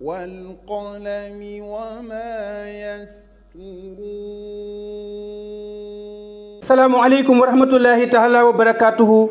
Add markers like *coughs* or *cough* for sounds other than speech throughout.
والقلم وما يسطرون السلام عليكم ورحمة الله تعالى وبركاته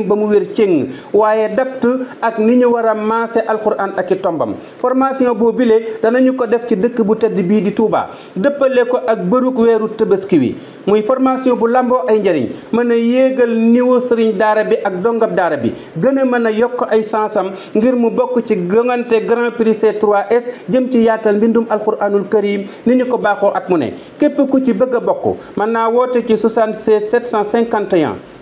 ba mu wér céng waaye dapt ak ni ñu war a maase alxuraan ak i tombam formation boo bile danañu ko def ci dëkk bu tëdd bii di Touba dëppale ko ak bërug weeru tëbaski wi muy formation bu lamboo ay njëriñ mën a yéegal niveau sëriñ daara bi ak dongab daara bi gën a mën a yokk ay sansam ngir mu bokk ci gëngante grand prix C3S jëm ci yaatal mbindum alxuraanul karim ni ñu ko baaxoo ak mu ne képp ku ci bëgg a bokk mën naa woote ci 76 751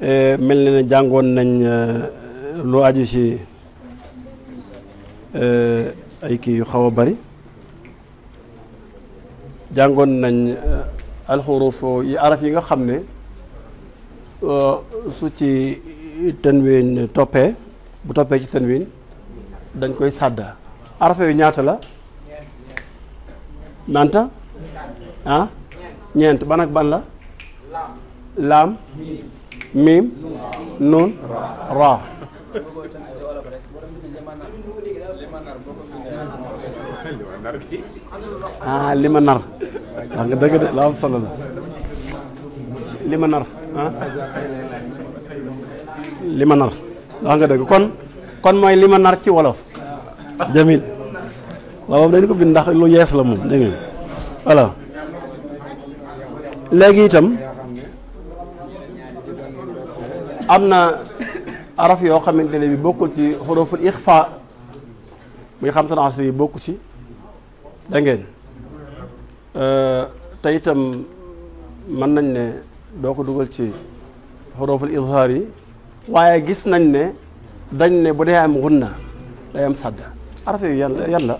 Eh, mel na ne jàngoon nañ eh, lu aju ci eh, ay kii yu xaw a bari jàngoon nañ alxuruf yi araf yi nga xam ne su ci tanwin toppee bu toppee ci tanwin dañ koy sàdda araf yu ñaata la nanta ah? ñeent ban ak ban la laam miim nun ra ah li ma nar wax ah, nga dëgg de la am solo la li ma nar ah. li ma nar wax ah, nga dëgg kon kon mooy li ma nar ci wolof jamil waaw moom dañu ko bind ndax lu yees la moom dégg nga léegi itam am na araf yoo xamante ne bi bokkul ci xuruful ixfa muy xam tan asri yi bokku ci dangeen ngeen euh, te itam mën nañ ne doo ko dugal ci xuruful izhaar yi waaye gis nañ ne dañ ne bu dee am gunna day am sàdd araf yooyu yan yan la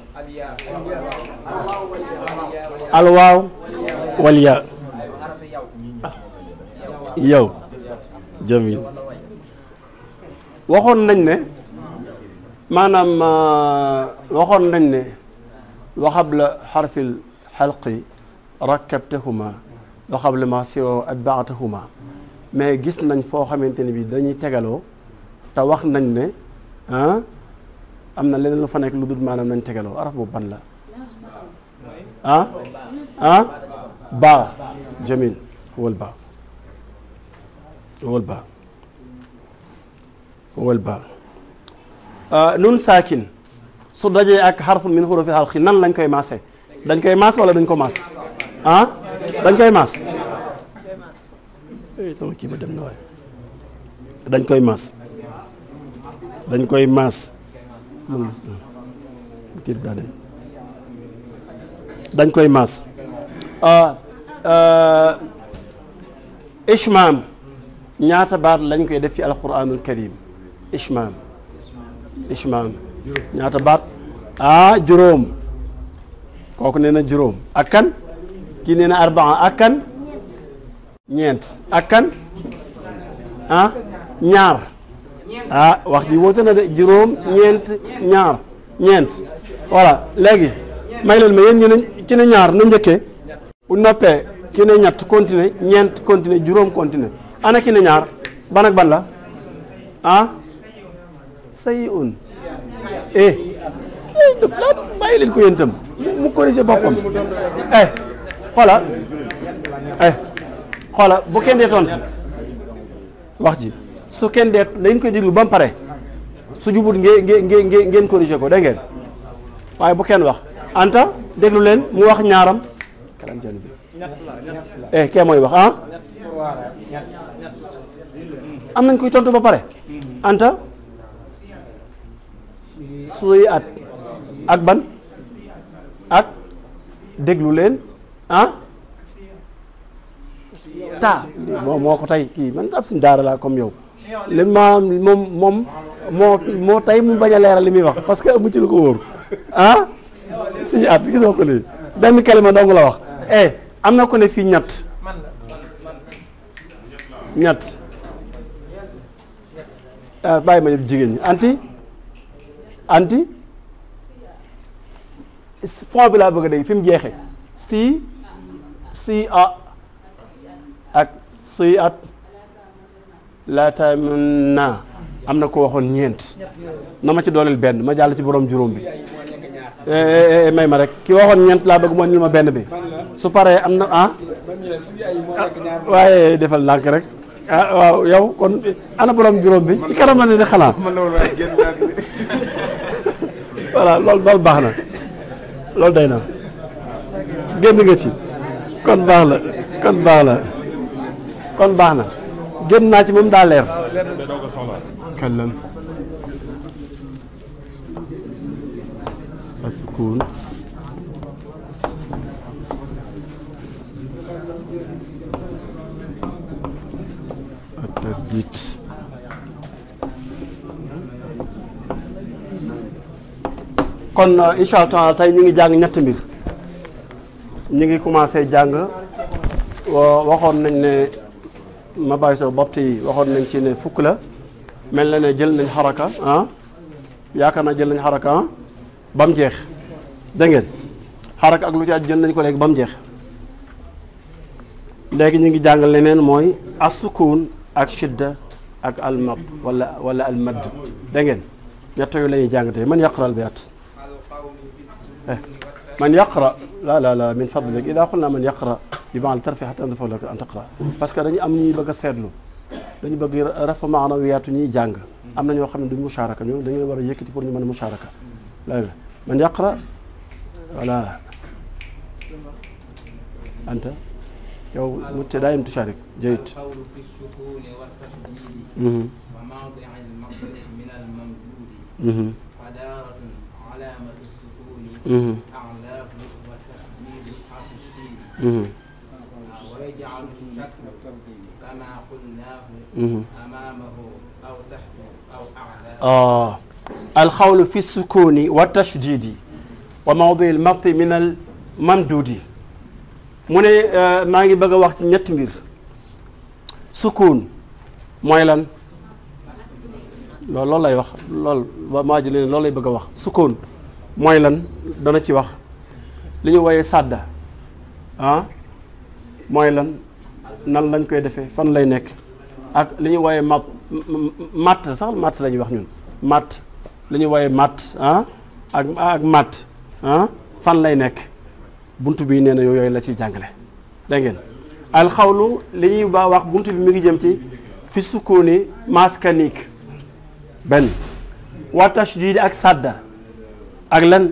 alwaaw wal yow ah, jamil waxoon nañ ne maanaam waxoon nañ ne waxabla xarfil xalqi rakkabtahuma waxabla ma siwa atbaatahuma mais gis nañ foo xamante ni bi dañuy tegaloo te wax nañ ne ah am na leneen lu fa nekk lu dul maanaam nañ tegaloo araf boobu ban la ah ah baa jamil wal baa huwa al-ba huwa ba nun saakin su dajee ak xarfun min xurufi xalqi nan lañ koy maase dañ koy maas wala duñ ko dañ koy maas dañ koy maas dañ koy maas daa dem dañ koy maas ishmaam ñaata baat lañ koy def ci alquranul karim ishmaam ishmaam ñaata baat ah juróom kooku nee na juróom ak kan kii nee na arbaa ñeent ak kan ah ñaar ah wax ji woote na de juróom ñeent ñaar ñeent voilà léegi may leen ma yéen ñu ne ne ñaar na njëkkee bu noppee ki ne ñett continuer ñeent continuer juróom continuer ana ki ne ñaar ban ban la ah sayi un eh, eh laa bàyyi leen ko yéen itam mu corrigé boppam eh xoola eh xoola bu kenn dee tontu wax ji su kenn dee dañ koy déglu ba mu pare su jubut ngeen ngeen ngeen ngeen corrigé ko dégg ngeen waaye bu kenn wax anta déglu leen mu wax ñaaram kalam jani eh, kee mooy wax ah am nañ koy tontu ba pare anta suy at ak ban ak déglu leen ah taa bon moo ko tey kii man ab suñ daara laa comme yow li ma moom moom moo moo mu bañ a leeral li muy wax parce que amu ci lu ko wóor ah suñu at gisoo ko lii benn kalima dong la wax eh am na ko ne fii ñett ñett Ah, bàyyi ma jigéen ñi anti anti fond bi laa bëgg a dégg fi mu jeexee si si a ak suy at laata mën naa am na ko waxoon ñeent na ma ci dooleel benn ma jàll ci boroom juróom bi eh, eh, eh, may ma rek ki waxoon ñeent laa bëgg moo nil ma benn bi su paree am na ah waaye defal ndànk rek ah waaw yow kon ana borom bi ci kanam la ne di xalaat voilà loolu loolu baax na loolu day na génn nga ci kon baax la kon baax la kon baax na génn naa ci moom daa leer kallam 2018. kon euh, incha allah tey ñu ngi jàng ñetti mbir ñu ngi commencé jàng waxoon nañ ne mabahisul babt yi waxoon nañ ci ne fukk la mel na ne jël nañ xaraka ah yaakaar naa jël nañ xaraka ah ba mu jeex dégg ngeen xaraka ak lu ci aj jël nañ ko léegi ba mu jeex léegi ñu ngi jàng leneen mooy asukun ak shidda ak almab wala wala almadd da ngeen ñett yu la jàng tey man yaqra albayat eh, man yaqra la la la min fadlik ida xul naa man yaqra yibanal tarfi xata dafa lak an taqra parce que dañu am ñuy bëgg seetlu dañu bëgg rafa maana wiyaatu ñuy jàng am na ñoo xam ne duñ musharaka ñoom war a yëkkati pour ñu mën a musharaka la man yaqra voilà anta yow mubtadaa'in tushaarik jayyid ah alxawlu fi sukuuni wa tashdiidi wa mawdi al maqti min al mamduudi mu ne euh, maa ngi bëgg a wax ci ñetti mbir sukkuun mooy lan loolu loolu lay wax lool maa jële leen loolu lay bëgg a wax sukkoon mooy lan dana ci wax li ñuy woyee sàdda ah mooy lan nan lañ koy defee fan lay nekk ak li ñuy woyee mat matt sax matt lañuy wax ñun matt li ñuy woyee matt ah ak ak matt ah fan lay nekk bunt bi nee na yooyu la ciy jàngale da ngeen alxawlu li ñuy ba wax bunt bi mi ngi jëm ci fi sukkooni maskanique benn wa tashdid ak sàdda ak lan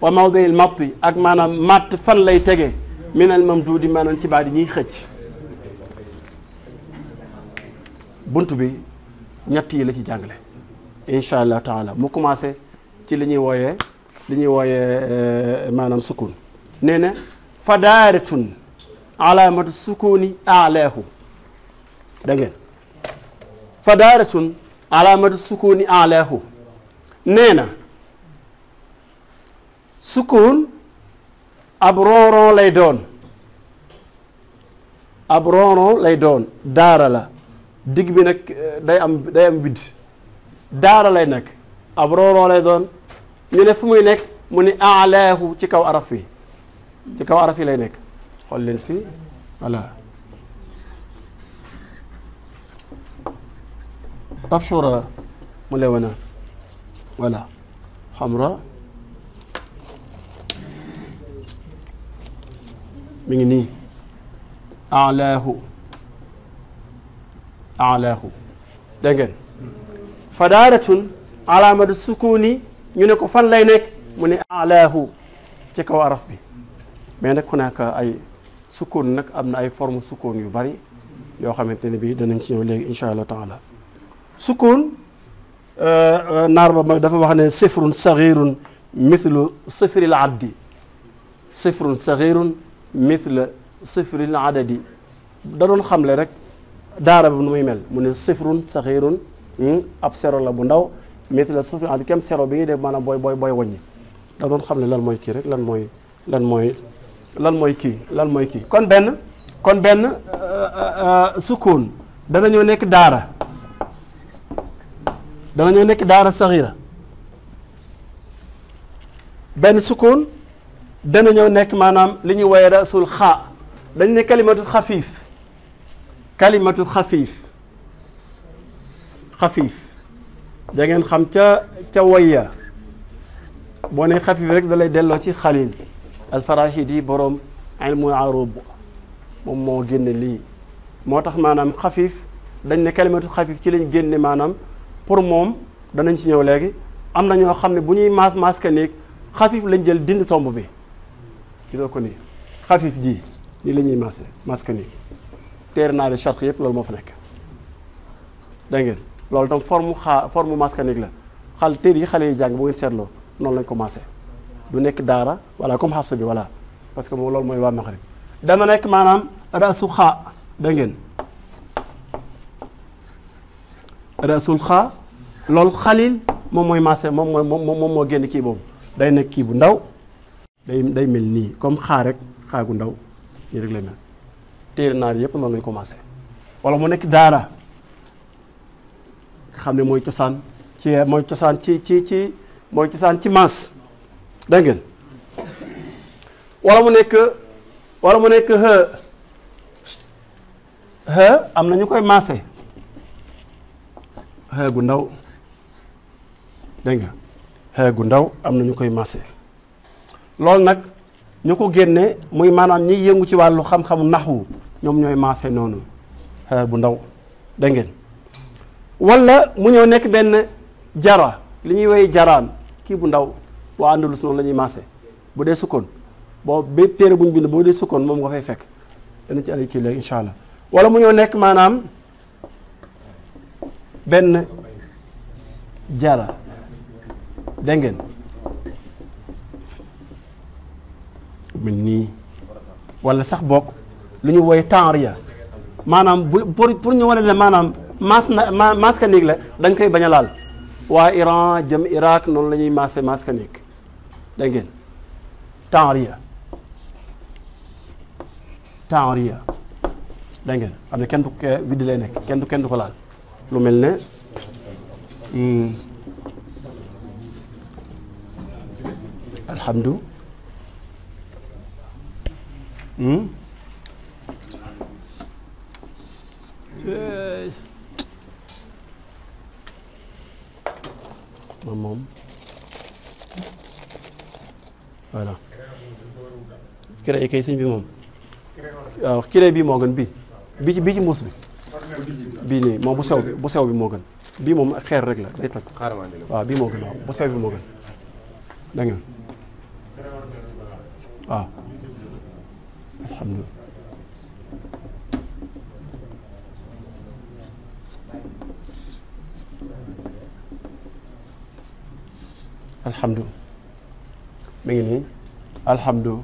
wa mawdil matt ak maanaam matt fan lay tege minal mamduudi maanaam ci baat yi ñuy xëcc bunt bi ñett yi la ci jàngale incha allah taala mu commencé ci li ñuy wooyee li ñuy wooyee euh, maanaam sukkoon nee na fadaaratun alaamatu sukuni alaahu da ngeen fadaaratun alaamatu sukuni alaahu nee na sukun ab ronron lay doon ab ronron lay doon daara la digg bi nag eh, day am day am widd daara lay nekk ab ronron lay doon ñu ne fu muy nekk mu ni alaahu ci kaw araf wi ci kaw araf yi lay nekk fi xool leen mu la tabshura mulawwana voilà xamra mi ngi nii alaahu alaahu dégg ngeen fadaaratun alaamatu sukuni ñu ne ko fan lay nekk mu ne alaahu ci kaw araf bi mais nag ku nekk ay sukkoon nag am na ay forme sukkoon yu bari yoo xamante ne bii danañ ci ñëw léegi incha allah taala sukkoon euh, euh, naar ba dafa wax ne sifrun saxirun mithlu sifril abdi sifrun saxirun mithlu sifril adadi da doon xamle rek daara ba nu muy mel mu ne sifrun saxirun hmm, ab sero la bu ndaw mithlu sifril adadi kem sero bi ngi def maanaam booy booy booy wàññi da doon xam ne lan mooy kii rek lan mooy lan mooy lan mooy kii lan mooy kii kon benn kon benn euh, euh, euh, sukkoon danañoo nekk daara danañoo nekk daara saxiira benn sukkoon danañoo nekk maanaam li ñuy woye rasul xaa dañu ne kalimatu xafiif kalimatu xafiif xafiif dangeen xam ca ca woya boo ne xafiif rek da lay delloo ci xalil alfarashidi boroom ilmu arub moom moo génne lii moo tax maanaam xafiif dañ ne kalimatu xafiif ci lañ génne maanaam pour moom danañ ci ñëw léegi am na ñoo xam ne bu ñuy maas maas ka xafiif lañ jël dindi tomb bi gisoo ko nii xafiif ji nii la ñuy maase maas ka néeg naa de charte yëpp loolu moo fa nekk dégg ngeen loolu tam forme xaa forme maas ka la xal téer yi xale yi jàng bu ngeen seetloo noonu lañ commencé du nekk daara voilà comme xafsa bi voilà parce que moom loolu mooy waa maxrib dana nekk maanaam rasul xaa da ngeen rasul xaa loolu xalil moom mooy maase moom mooy moom moo génn kii boobu day nekk kii bu ndaw day day mel nii comme xaa rek xaa gu ndaw nii rek lay mel téere naar yëpp noonu lañ commencé wala mu nekk daara nga xam ne mooy cosaan ci mooy cosaan ci ci ci mooy cosaan ci maas dégg ngeen wala mu nekk wala mu nekk xë xë am na ñu koy maase xë gu ndaw dégg nga gu ndaw am na ñu koy maase loolu nag ñu ko génne muy maanaam ñi yëngu ci wàllu xam-xamu naxwu ñoom ñooy maase noonu xë bu ndaw dégg ngeen wala mu ñëw nekk benn jara li ñuy woy jaraan kii bu ndaw waa Andalus noonu la ñuy maase bu dee sukkoon boo bépp téere bu ñu bind boo dee sukkoon moom nga fay fekk dana ci ay kii léegi incha allah wala mu ñëw nekk maanaam benn jara dégg ngeen nii wala sax bokk lu ñu woy tanria maanaam bu pour pour ñu wane ne maanaam maas na maas kanik la dañ koy bañ laal waa Iran jëm Irak noonu la ñuy maase maas kanik dégg ngeen taariya taariya dégg ngeen xam ne kenn du ko eh, vidde lay nekk kenn du kenn du ko laal lu mel ne hmm, alhamdu hmm, moom moom voilà cré kay sëñ bi moom waaw cré bii moo gën bii bi ci bii ci mbuus bi bii nii moom bu sew bi bu sew bi moo gën bii moom xeer rek la day toj waaw bii moo gën waaw bu sew bi moo gën da waaw alhamdulilah mi ngi nii alhamdu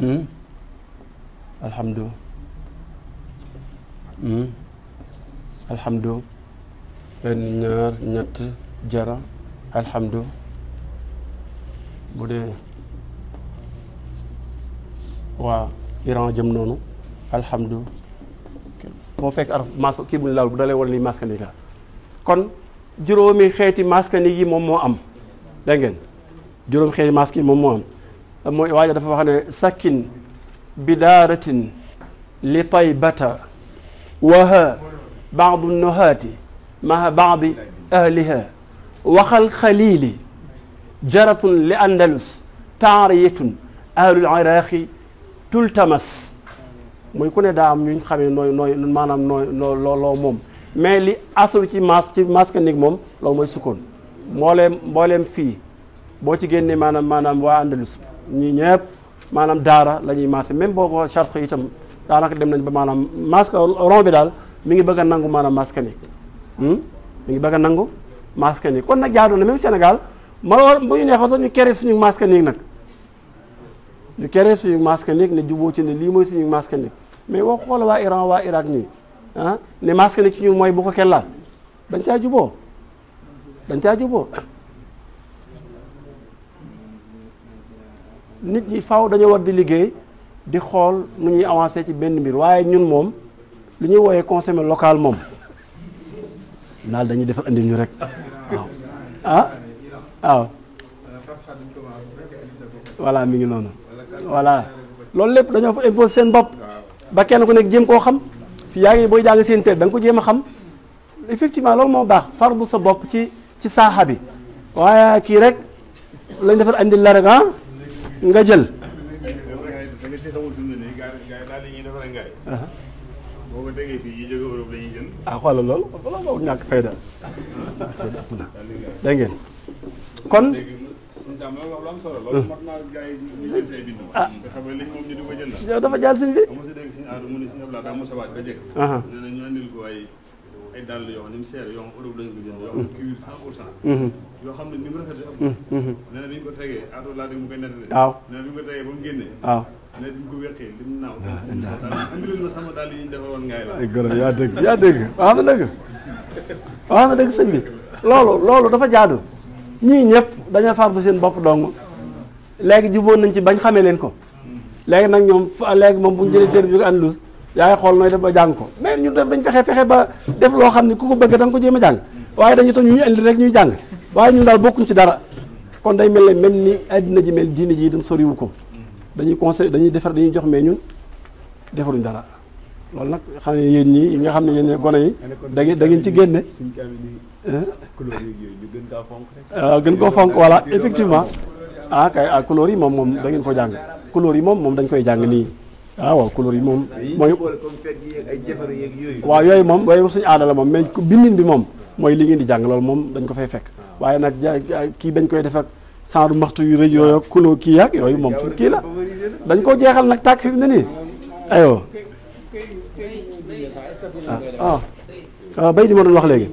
hmm? alhamdu hmm? alhamdu benn ñaar ñett jara alhamdu bu dee waaw Iran jëm noonu alhamdu moo fekk araf mas kii bu ñu laal bu dalee wala ni maskani la kon juróomi xeeti maskani yi moom moo am dégg juróom xeeti masque moom moo am mooy waaja dafa wax ne sakkin bidaaratin li taybata waha baadu nohaati maha baadi ahliha waxal xaliili jaratun li andalus taariyatun ahlul iraqi tultamas muy ku ne daa am ñu xamee nooy nooy nooy loo loo moom mais li asalu ci masque ci masque nig moom loolu mooy sukkoon mbooleem mbooleem fii boo ci génnee maanaam maanaam waa andalus ñi ñëpp maanaam daara la ñuy maase même boobu charq itam daanaka dem nañ ba maanaam masque rond bi daal mi ngi bëgg a nangu maanaam masque ni hmm? mi ngi bëgg a nangu masque ni kon nag jaadu na même senegal ma war bu ñu neexoon sax ñu kere suñu masque nii nag ñu kere suñu masque nii ne juboo ci ne lii mooy suñu masque nii mais woo xoola waa Iran waa Irak ñi ah ne masque ni ci ñu mooy bu ko kenn dañ caa juboo dañ caa juboo nit ñi faw dañoo war di liggéey di xool nu ñuy avancer ci benn mbir waaye ñun moom li ñuy wooyee consommer local moom naal dañuy defar indi ñu rek waaw ah waaw mi ngi noonu voilà loolu lépp dañoo fa imposé seen bopp ba kenn ku nekk jéem koo xam yaa ngi booy jàng seen teel da nga ko jéem a xam effectivement loolu moo baax fardu sa bopp ci ci saaxa bi waaye kii rek lañ defar indi la rek ah? nga jël. boo ko déggee fii yi jóge Europe la ñuy jënd. ah xoolal loolu loolu boobu ñàkk fay daal. dégg ngeen kon. Ah. ah. yow dafa jàll sëñ bi. ay dàll yoo xam ne ni mu seere yoo xam Europe lañ ko jënd yoo xam ne mm-hmm. cuir cent pour cent mm-hmm. yoo xam ne ni mu rafetee am mm-hmm. nee na bi ñu ko tegee ato laa dégg mu koy nettali waaw nee na la gërëm yaa dëgg yaa dëgg wax na dëgg wax na dëgg sëñ bi loolu loolu dafa jaadu ñii ñëpp dañoo fardu seen bopp dong léegi juboon nañ ci bañ xamee leen ko léegi nag ñoom léegi moom bu ñu jëlee téere bi ko andalus yaay xool nooy def ba jàng ko mais ñu def dañ fexe fexe ba def loo xam ne ku ko bëgg da ko jéem jàng waaye dañu toog ñu ñu indi rek ñuy jàng waaye ñun daal bokkuñ ci dara kon day mel ne même ni àddina ji mel diine ji itam soriwu ko dañuy conseil dañuy defar dañuy jox mais ñun defaruñ dara loolu nag xam ne yéen ñi yi nga xam ne yéen gone yi da ngeen da ngeen ci génne waaw ah, gën koo fonk voilà effectivement ah kay ah couleur yi moom moom da ngeen ko jàng couleur yi moom moom dañ koy jàng nii ah waaw couleur yi moom. mooy waaw yooyu moom yooyu suñu aada la moom mais bindin bi moom mooy li ngeen di jàng loolu moom dañ ko fay fekk ah. waaye nag kii dañ koy def ak maxtu yu rëy yooyu kii yaag yooyu moom suñ kii la dañ ko jeexal nag tàkk fi mu ne nii aywa ah. Ah, bay di ma doon wax léegi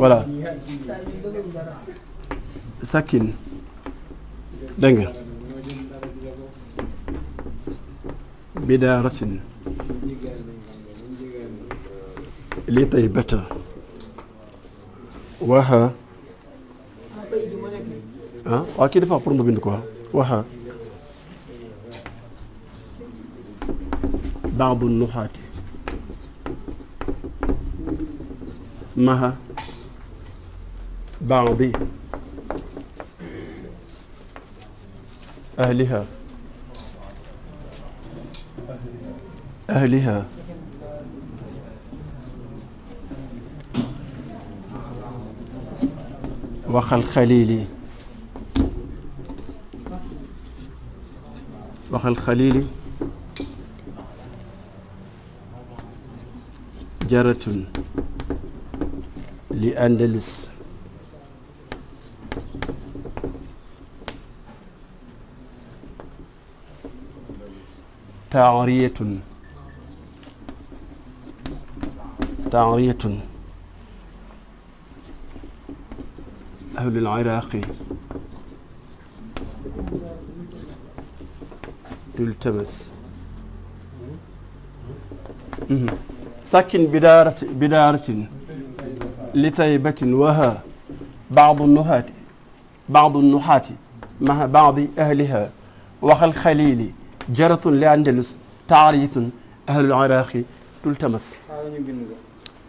voilà sakkin dégg bidaaratin li taybata waxa ah waaw kii dafa pour ma bind quoi waxa baadu nuxaati maha baadi ahliha أهلها waxal xaliili waxal xaliili jaratun li andalus taariyatun taariyatun ahlul iraaqi tultamas sakkin bidaarati bidaaratin li taybatin waha baadu nuhaati baadu nuhaati maha baadi ahliha waxal xaliili jarathun li andalus taariyatun ahlul iraaqi tultamas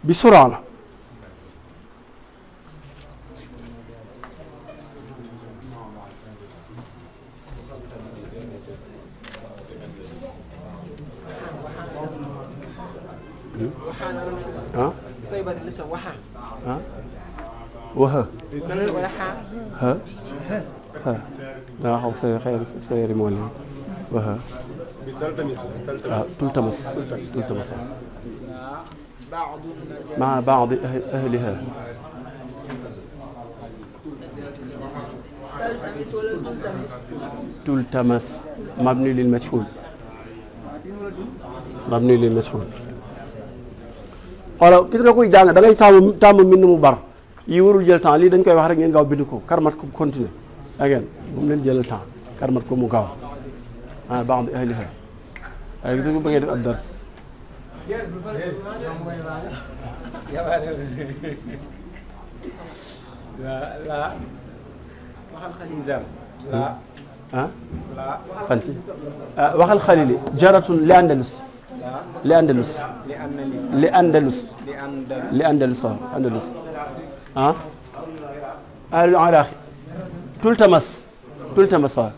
بسرعة ها طيب انا لسه وحى ها وها ها ها لا حول سيخير سير مولي وها تلتمس تلتمس تلتمس maa baadi ahliha tultamas mabni lil majhul mabni lil majhul xoolal gis nga kuy jàng da ngay tàmm tàmm mbind mu bar yi warul jël temps lii dañ koy wax rek ngeen gaaw bind ko karmat ko continuer da ngeen bu mu leen jëlal ko mu gaaw ah baax bi ahliha waaye gis nga bu bëggee def la la ah fan ci waxal xalili jaratun andalus li andalus andalus li andalus andalus ah al iraq tultamas tultamas waaw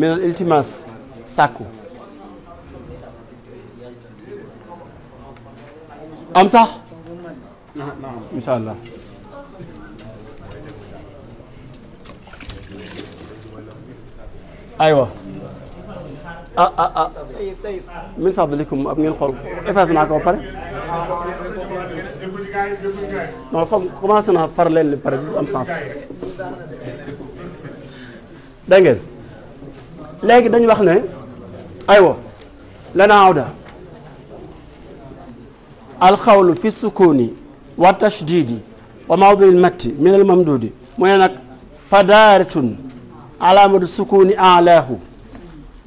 min al iltimas sàkku am sax incha allah. aywa ah ah ah min fadlikum ab ngeen xool effacé naa ko ba pare non comme commencé naa far leen li pare du am sens dégg ngeen léegi dañu wax ne aywa lanaa alxawlu fi sukuni wa tashdidi wa mawdil matti min al mamdudi mu ne nag fadaaratun alaamatu sukuni alaahu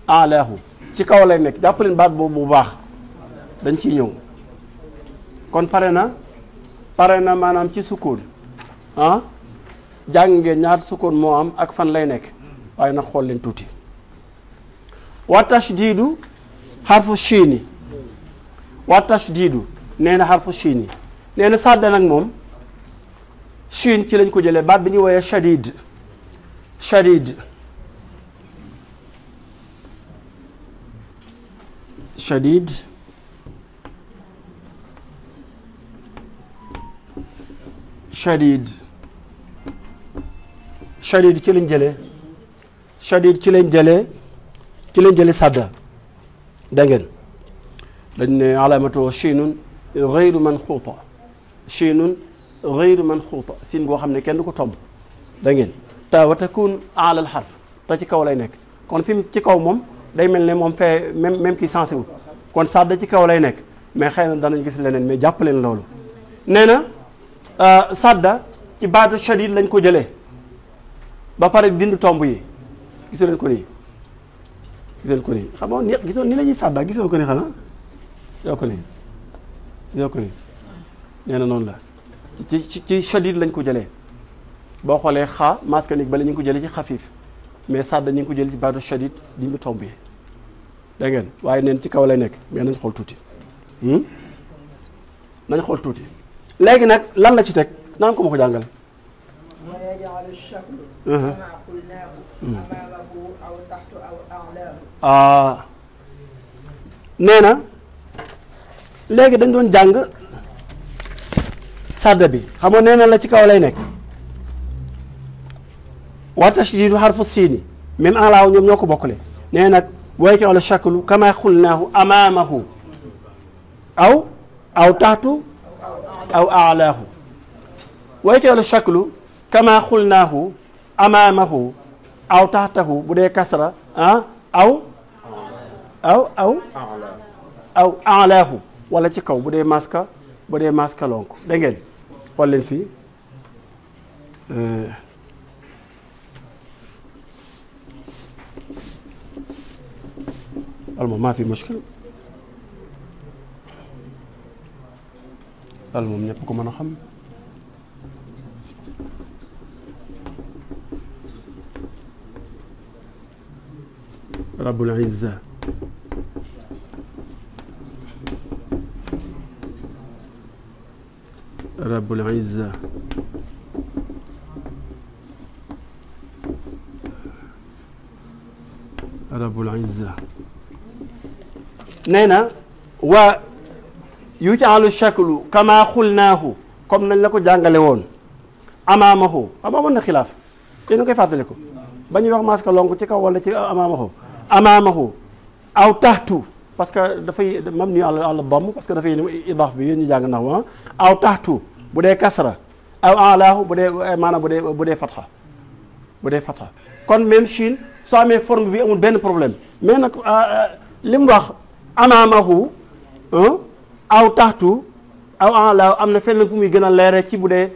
alaahu ci kaw lay nekk jàppaleen baat boobu bu baax dañ ci ñëw kon pare na pare na maanaam ci sukun ah jàng ngeen ñaata sukun moo am ak fan lay nekk waaye nag xool leen tuuti wa tashdiidu xarfu chiini wa tashdiidu nee na xarfu shiin yi nee na sadda nag moom shiin ci lañ ko jëlee baat bi ñuy woowee shadid shadid shadid shadid shadid ci lañ jële shadid ci lañ jële ci lañ jëlee sadda da ngeen dañ ne alaamatu shinun xëyru man xuuta chinun xëyru man xuuta siin goo xam ne kenn du ko tomb da ngeen ta wa takun alal xarf te ci kaw lay nekk kon fi ci kaw moom day mel ne moom fee même même kii sensé wul kon sadda ci kaw lay nekk mais xëy na danañ gis leneen mais jàpp leen loolu nee na euh, sadda ci baatu shadid lañ ko jële ba pare dindi tomb yi gis leen ko nii gis leen ko nii xam nga gisoon ni la ñuy sadda gisoon ko nii xanaa yoo ko nii ñoo ko ni nee na noonu la ci ci ci shadid lañ ko jëlee boo xoolee xaa maska ni bale ñu ngi ko jëlee ci xafiif mais sàdd ñu ngi ko jëlee ci baatu shadid di ñu tomb yi dégg waaye neen ci kaw lay nekk mais nañ xool tuuti hmm? nañ xool tuuti léegi nag lan la ci teg naan jàngal uh-huh. ah na léegi dañ doon jàng sàdda bi xam nga nee na la ci kaw lay nekk wa tashdiidu xarfu siini même alaaw ñoom ñoo ko bokkale nee nag wayki wala shaklu kama xulnaahu amaamahu aw aw taxtu aw alaahu wayki wala shaklu kama xulnaahu amaamahu aw taxtahu bu dee kasra ah aw aw aw aw alaahu wala ci kaw bu dee maska bu dee maska lonk da ngeen xool leen fii euh. alma maa fi mushkil daal moom ko mën a xam rabbul izza rabbul izza rabbul waa nee na waa yujaalu shaklu kama xulnaahu comme nañ la ko jàngale woon amaamahu xam amoon na xilaaf te koy fàttali ko ba ñuy wax maska lonk ci kaw wala ci amaamahu amaamahu aw taxtu parce que dafay mam nu àll àll domm parce que dafay idaaf bi yéen ñu jàng nax wa ah. aw taxtu bu dee kasra aw alaahu bu dee eh, maanaam bu dee bu dee fatxa bu dee fatxa kon même Chine soo amee forme bi amul benn problème mais nag ah, ah, li mu wax amaamahu aw taxtu aw alaahu am na fenn fu muy gën a leere ci bu dee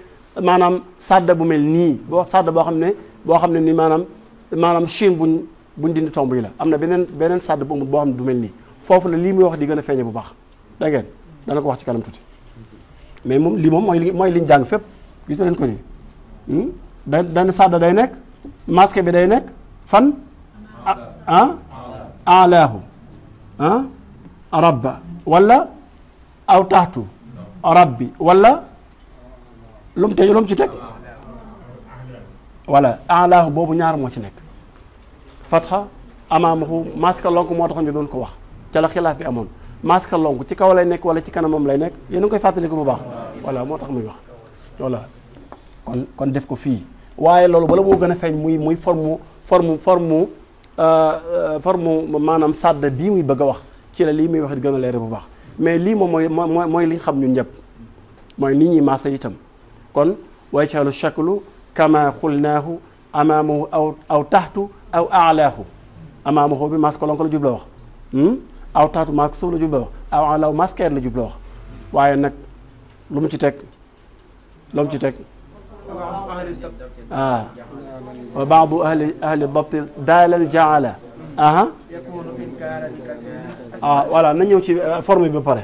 maanaam sàdda bu mel nii boo sàdda boo xam ne boo xam ne nii maanaam maanaam Chine buñ buñ dindi tomb yi la am na beneen beneen sàdd bu amul boo xam ne du mel nii foofu la lii muy wax di gën a feeñe bu baax da ngeen dana ko wax ci kanam tuuti mais moom lii moom mooy mooy li ñu jàng fépp gis nañ ko nii hmm? da dan sàdda day nekk masque bi day nekk fan ah alaahu ah rabba wala aw taxtu rabbi walla lu mu te lu ci teg voilà alaahu boobu ñaar moo ci nekk fatxa amaamahu masque lonk moo taxoon ñu doon ko wax ca la xilaaf bi amoon masque lonk ci kaw lay nekk wala ci kanamam lay nekk yéen koy fàttaliku bu baax voilà moo tax muy wax voilà kon kon def ko fii waaye loolu bala boo gën a feeñ muy muy forme forme forme euh, euh, forme maanaam sàdd bii muy bëgg a wax ci la lii muy wax gën a leere bu baax mais lii moom mooy mooy mooy li ñu xam ñun ñëpp mooy nit ñi maasa itam kon waycalu shaklu kama xulnaahu amaamahu aw aw taxtu aw alaahu amaamahu bi maas ko lonk la jub la wax hmm? aw taatu maak suuf la jubloo wax aw alaw maskeer la jubloo wax waaye nag lu mu ci teg lu ci teg ah wa baadu ahli ahli dabti daalal a aha ah voilà na ñëw ci euh, forme bi ba pare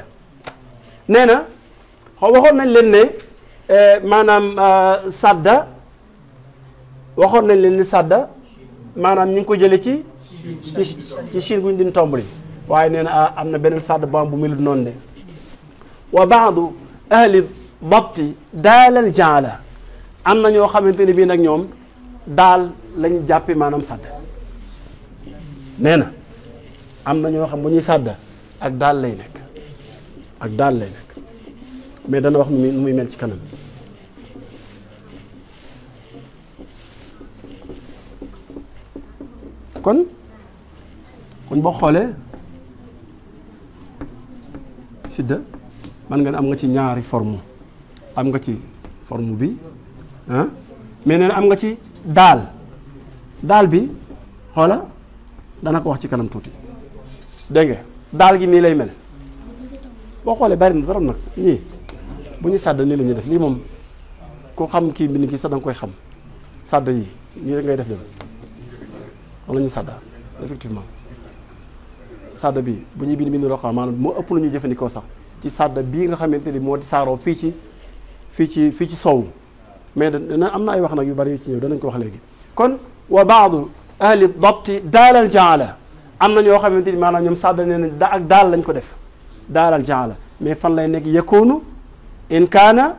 nee na xaw waxoon nañ leen ne euh, maanaam euh, sadda waxoon nañ leen ni sadda maanaam ñu ko jële ci ci ci Chine guñ din tombali waaye nee na ah, am na beneen sàdd baam bu melut noonu de wa baadu ahli dabti daalal jaala am na ñoo xamante ne bii nag ñoom daal lañu jàppe maanaam sàdd nee na am na ñoo xam bu ñuy sàdd ak daal lay nekk ak daal lay nekk mais dana wax nu muy mel ci kanam kon kon boo xoolee sidd man nga ne am nga ci ñaari forme am nga ci forme bi ah mais nee am nga ci daal daal bi xoola dana ko wax ci kanam tuuti dégg nga daal gi mii lay mel boo xoolee bari nag ñii bu ñu sàdd nii la def lii moom ku xam kii mbind kii sax danga koy xam sàdd yi nii rek ngay def dem wala ñu sàdda effectivement sadda bi bu ñuy bind bind roqaa maanaam moo ëpp lu ñuy jëfandikoo sax ci sàdda bii nga xamante ni moo di saaroo fii ci fii ci fii ci sow mais dana am na ay wax nag yu bari yu ci ñëw danañ ko wax léegi kon wa baadu ahli dabti daalal jaala am na ñoo xamante ni maanaam ñoom sàdda nee nañ da ak lañ ko def daalal jaala mais fan lay nekk yakoonu in kaana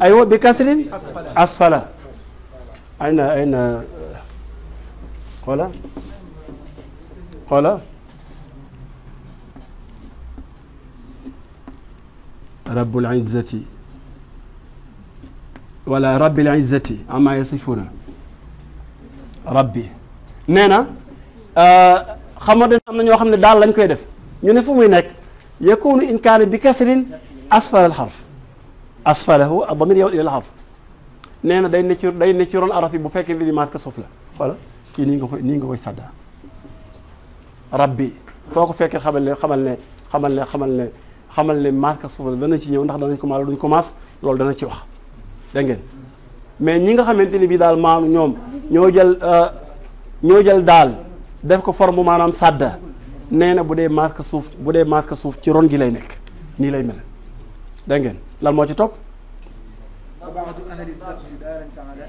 aywa bi kasrin asfala ay na ay na xoola xoola rabbul izzati wala rabbil izzati amma yasifuna rabbi nee na euh, xam nga am na ñoo xam ne daal lañ koy def ñu ne fu muy nekk yakunu in kaana bi kasri asfala al xarf asfalahu adamir yow ilal xarf nee na day ne ci bu fekkee li di maat ka suuf la voilà kii nii nga koy nii foo ko fekkee xamal ne xamal ne xamal ne marque Sofala dana ci ñëw ndax danañ ko maal duñ ko loolu dana ci wax dégg mais ñi nga xamante ni bii daal maam ñoom ñoo jël euh, ñoo jël daal def ko forme maanaam sàdda nee na bu dee marque suuf bu dee marque suuf ci ron gi lay nekk nii lay mel dégg ngeen lan moo ci topp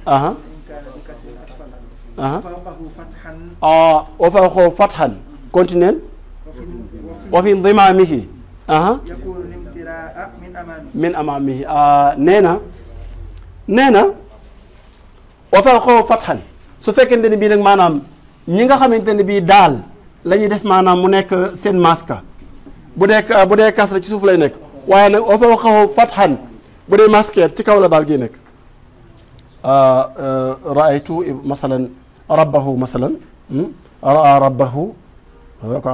aha aha ah, wa fawqahu fathan continue wa fi min amaamihi ah, nee na nee na wa faqo fatxan su fekkente ne bii nag maanaam ñi nga xamante ne bii daal lañuy def maanaam mu nekk seen maska bu dee bu dee kasra ci suuf lay nekk waaye nag wa xaw fatxan bu dee maskeer ci kaw la daal gi nekk ah, eh, raaytu masalan rabbahu masalan hmm? raa rabbahu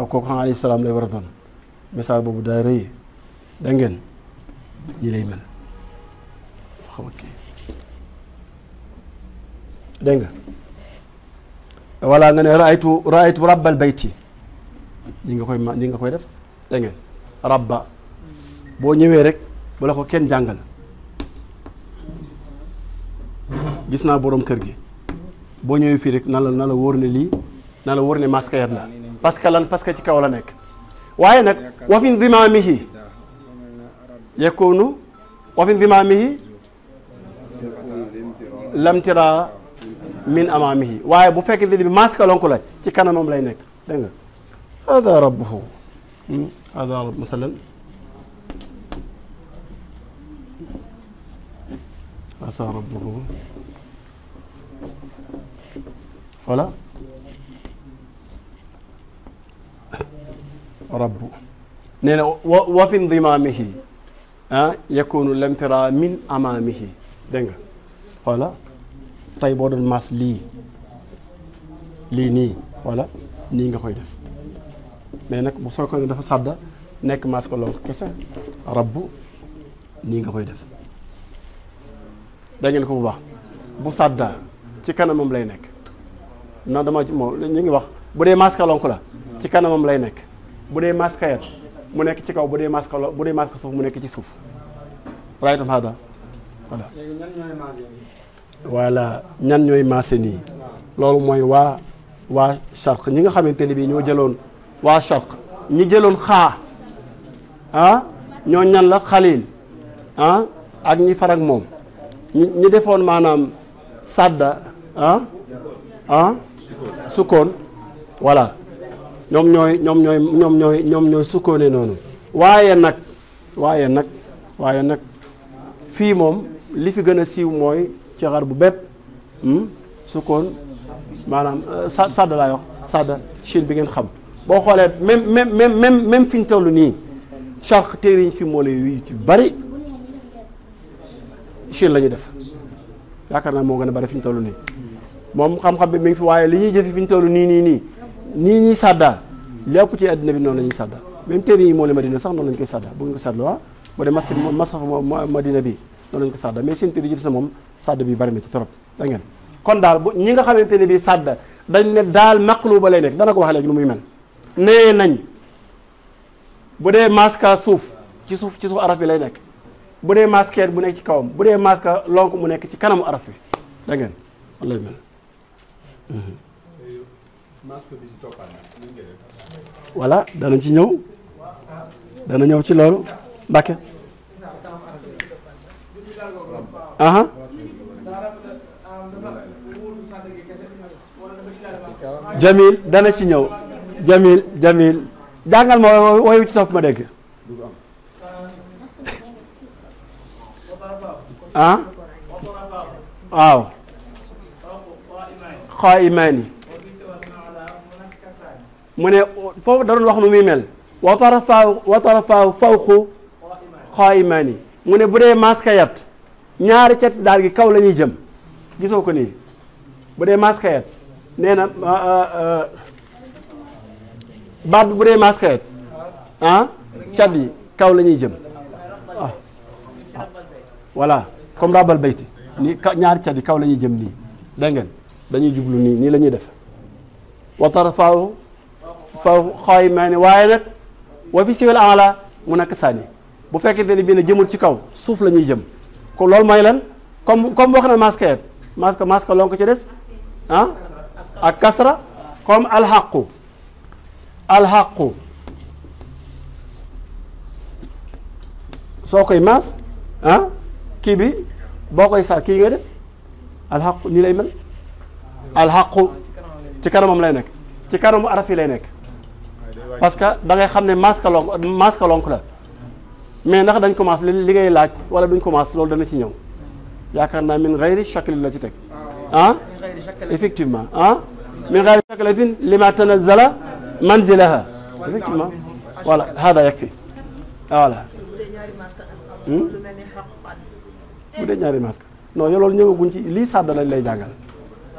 kooku xam alayhi salaam lay war a doon message boobu daa rëy da ngeen ñi lay mel xaw nga walla nga ne raaytu raaytu rabbal bayti ñi nga koy ma ñi nga koy def dangeen ngeen rabba boo ñëwee rek bu la ko kenn jàngal gis naa boroom kër gi boo ñëwee fii rek na la na la wóor ne lii na la wóor ne maskayat la parce que lan parce que ci kaw la nekk waaye nag wa fi ndimaamihi yakunu wa fi min amaamihi waaye bu fekkee bi maskalonku la ci kanamam lay nekk dégg nga hada rabbuhu hmm? hada rabb masalan rabbuhu voilà rabbu nee na wa wa fi ndimaamihi ah yakunu lamtira min amaamihi dégg nga xoola tey boo doon maas lii lii nii xoola nii nga koy def mais nag bu fekkoon ne dafa sàdda nekk maas ko kese rabbu nii nga koy def dégg ngeen ko bu baax bu sàdda ci kanamam lay nekk non dama moom ñu ngi wax bu dee maas la ci kanamam lay nekk bu dee maas kayat mu nekk ci kaw bu dee maas kalo bu dee maas suuf mu nekk ci suuf raay tam xaada ñan ñooy maase nii loolu mooy waa waa charq ñi nga xamante ni bii ñoo jëloon waa charq ñi jëloon xaa ah ñoo ñan la xalil ah ak ñi far moom ñi ñi defoon maanaam sadda ah ah sukkoon voilà ñoom ñooy ñoom ñooy ñoom ñooy ñoom ñooy sukkoone noonu waaye nag waaye nag waaye nag fii moom li fi gën a siiw mooy ci xar bu bépp hmm, sukkoon maanaam euh, sa sàdd laay wax sàdd Chine bi ngeen xam boo xoolee même même même même même fi ñu toll nii charq téere yi fi moo lay yu bari Chine la ñu def yaakaar naa moo gën a bari fi ñu toll nii moom xam-xam bi mi ngi fi waaye li ñuy jëfe fi ñu toll nii nii nii nii ñuy sàddaa lépp ci àddina bi noonu la ñuy sàddaa même téere yi moo le madina sax noonu la koy sàddaa bu ngeen ko sàddawaa boo dee masjid masaf madina bi noonu la ñu ko sàdda mais seen téere yi ci moom sàdda bi bari na ci trop da ngeen kon daal bu ñi nga xamante ne bii sàdda dañ ne daal maqluba lay nekk dana ko wax léegi nu muy mel nee nañ bu dee maska suuf ci suuf ci suuf araf bi lay nekk bu dee maskeer bu nekk ci kawam bu dee maska lonk mu nekk ci kanamu araf bi da ngeen lay mel voilà danañ ci ñëw dana ñëw ci loolu Mbàkke aha Jamil dana ci ñëw Jamil Jamil jàngal ma woyu ci topp ma dégg *laughs* ah waaw xoo imaani mu ne foofu da doon wax nu muy mel wa tarafahu wa tarafahu fawqu qaa'imaani mu ne bu dee maskayat ñaari cat daal gi kaw lañuy jëm gisoo ko nii bu dee maskayat nee na ah, ah, ah, baat bu dee maskayat cat yi kaw lañuy jëm ah voilà comme rabal bayti nii ka ñaari cat yi kaw lañuy jëm nii dégg dañuy jublu nii nii la ñuy def wa fa xooy maa ne waaye nag wa fi siwel amala mu nekk sànni bu fekkente ne bii ne jëmul ci kaw suuf la ñuy jëm ko loolu mooy lan comme comme wax na masque et masque masque ko ci des ah ak kasra comme alxaqu alxaqu soo koy maas ah? kii bi boo koy saa kii nga def alxaqu nii lay mel alxaqu ci kanamam lay nekk ci kanamu araf yi lay nekk parce que da xam ne maskalonk maskalonk la mais ndax dañ commence li li ngay laaj wala duñ commence loolu dana ci ñëw yaakaar naa min gayri li la ci teg ah effectivement ah min gayri shakli lima tanazzala manzilaha effectivement voilà hada yakfi voilà hmm? bu dee ñaari masque non yow loolu ñëwaguñ ci lii sàdda lañ lay jàngal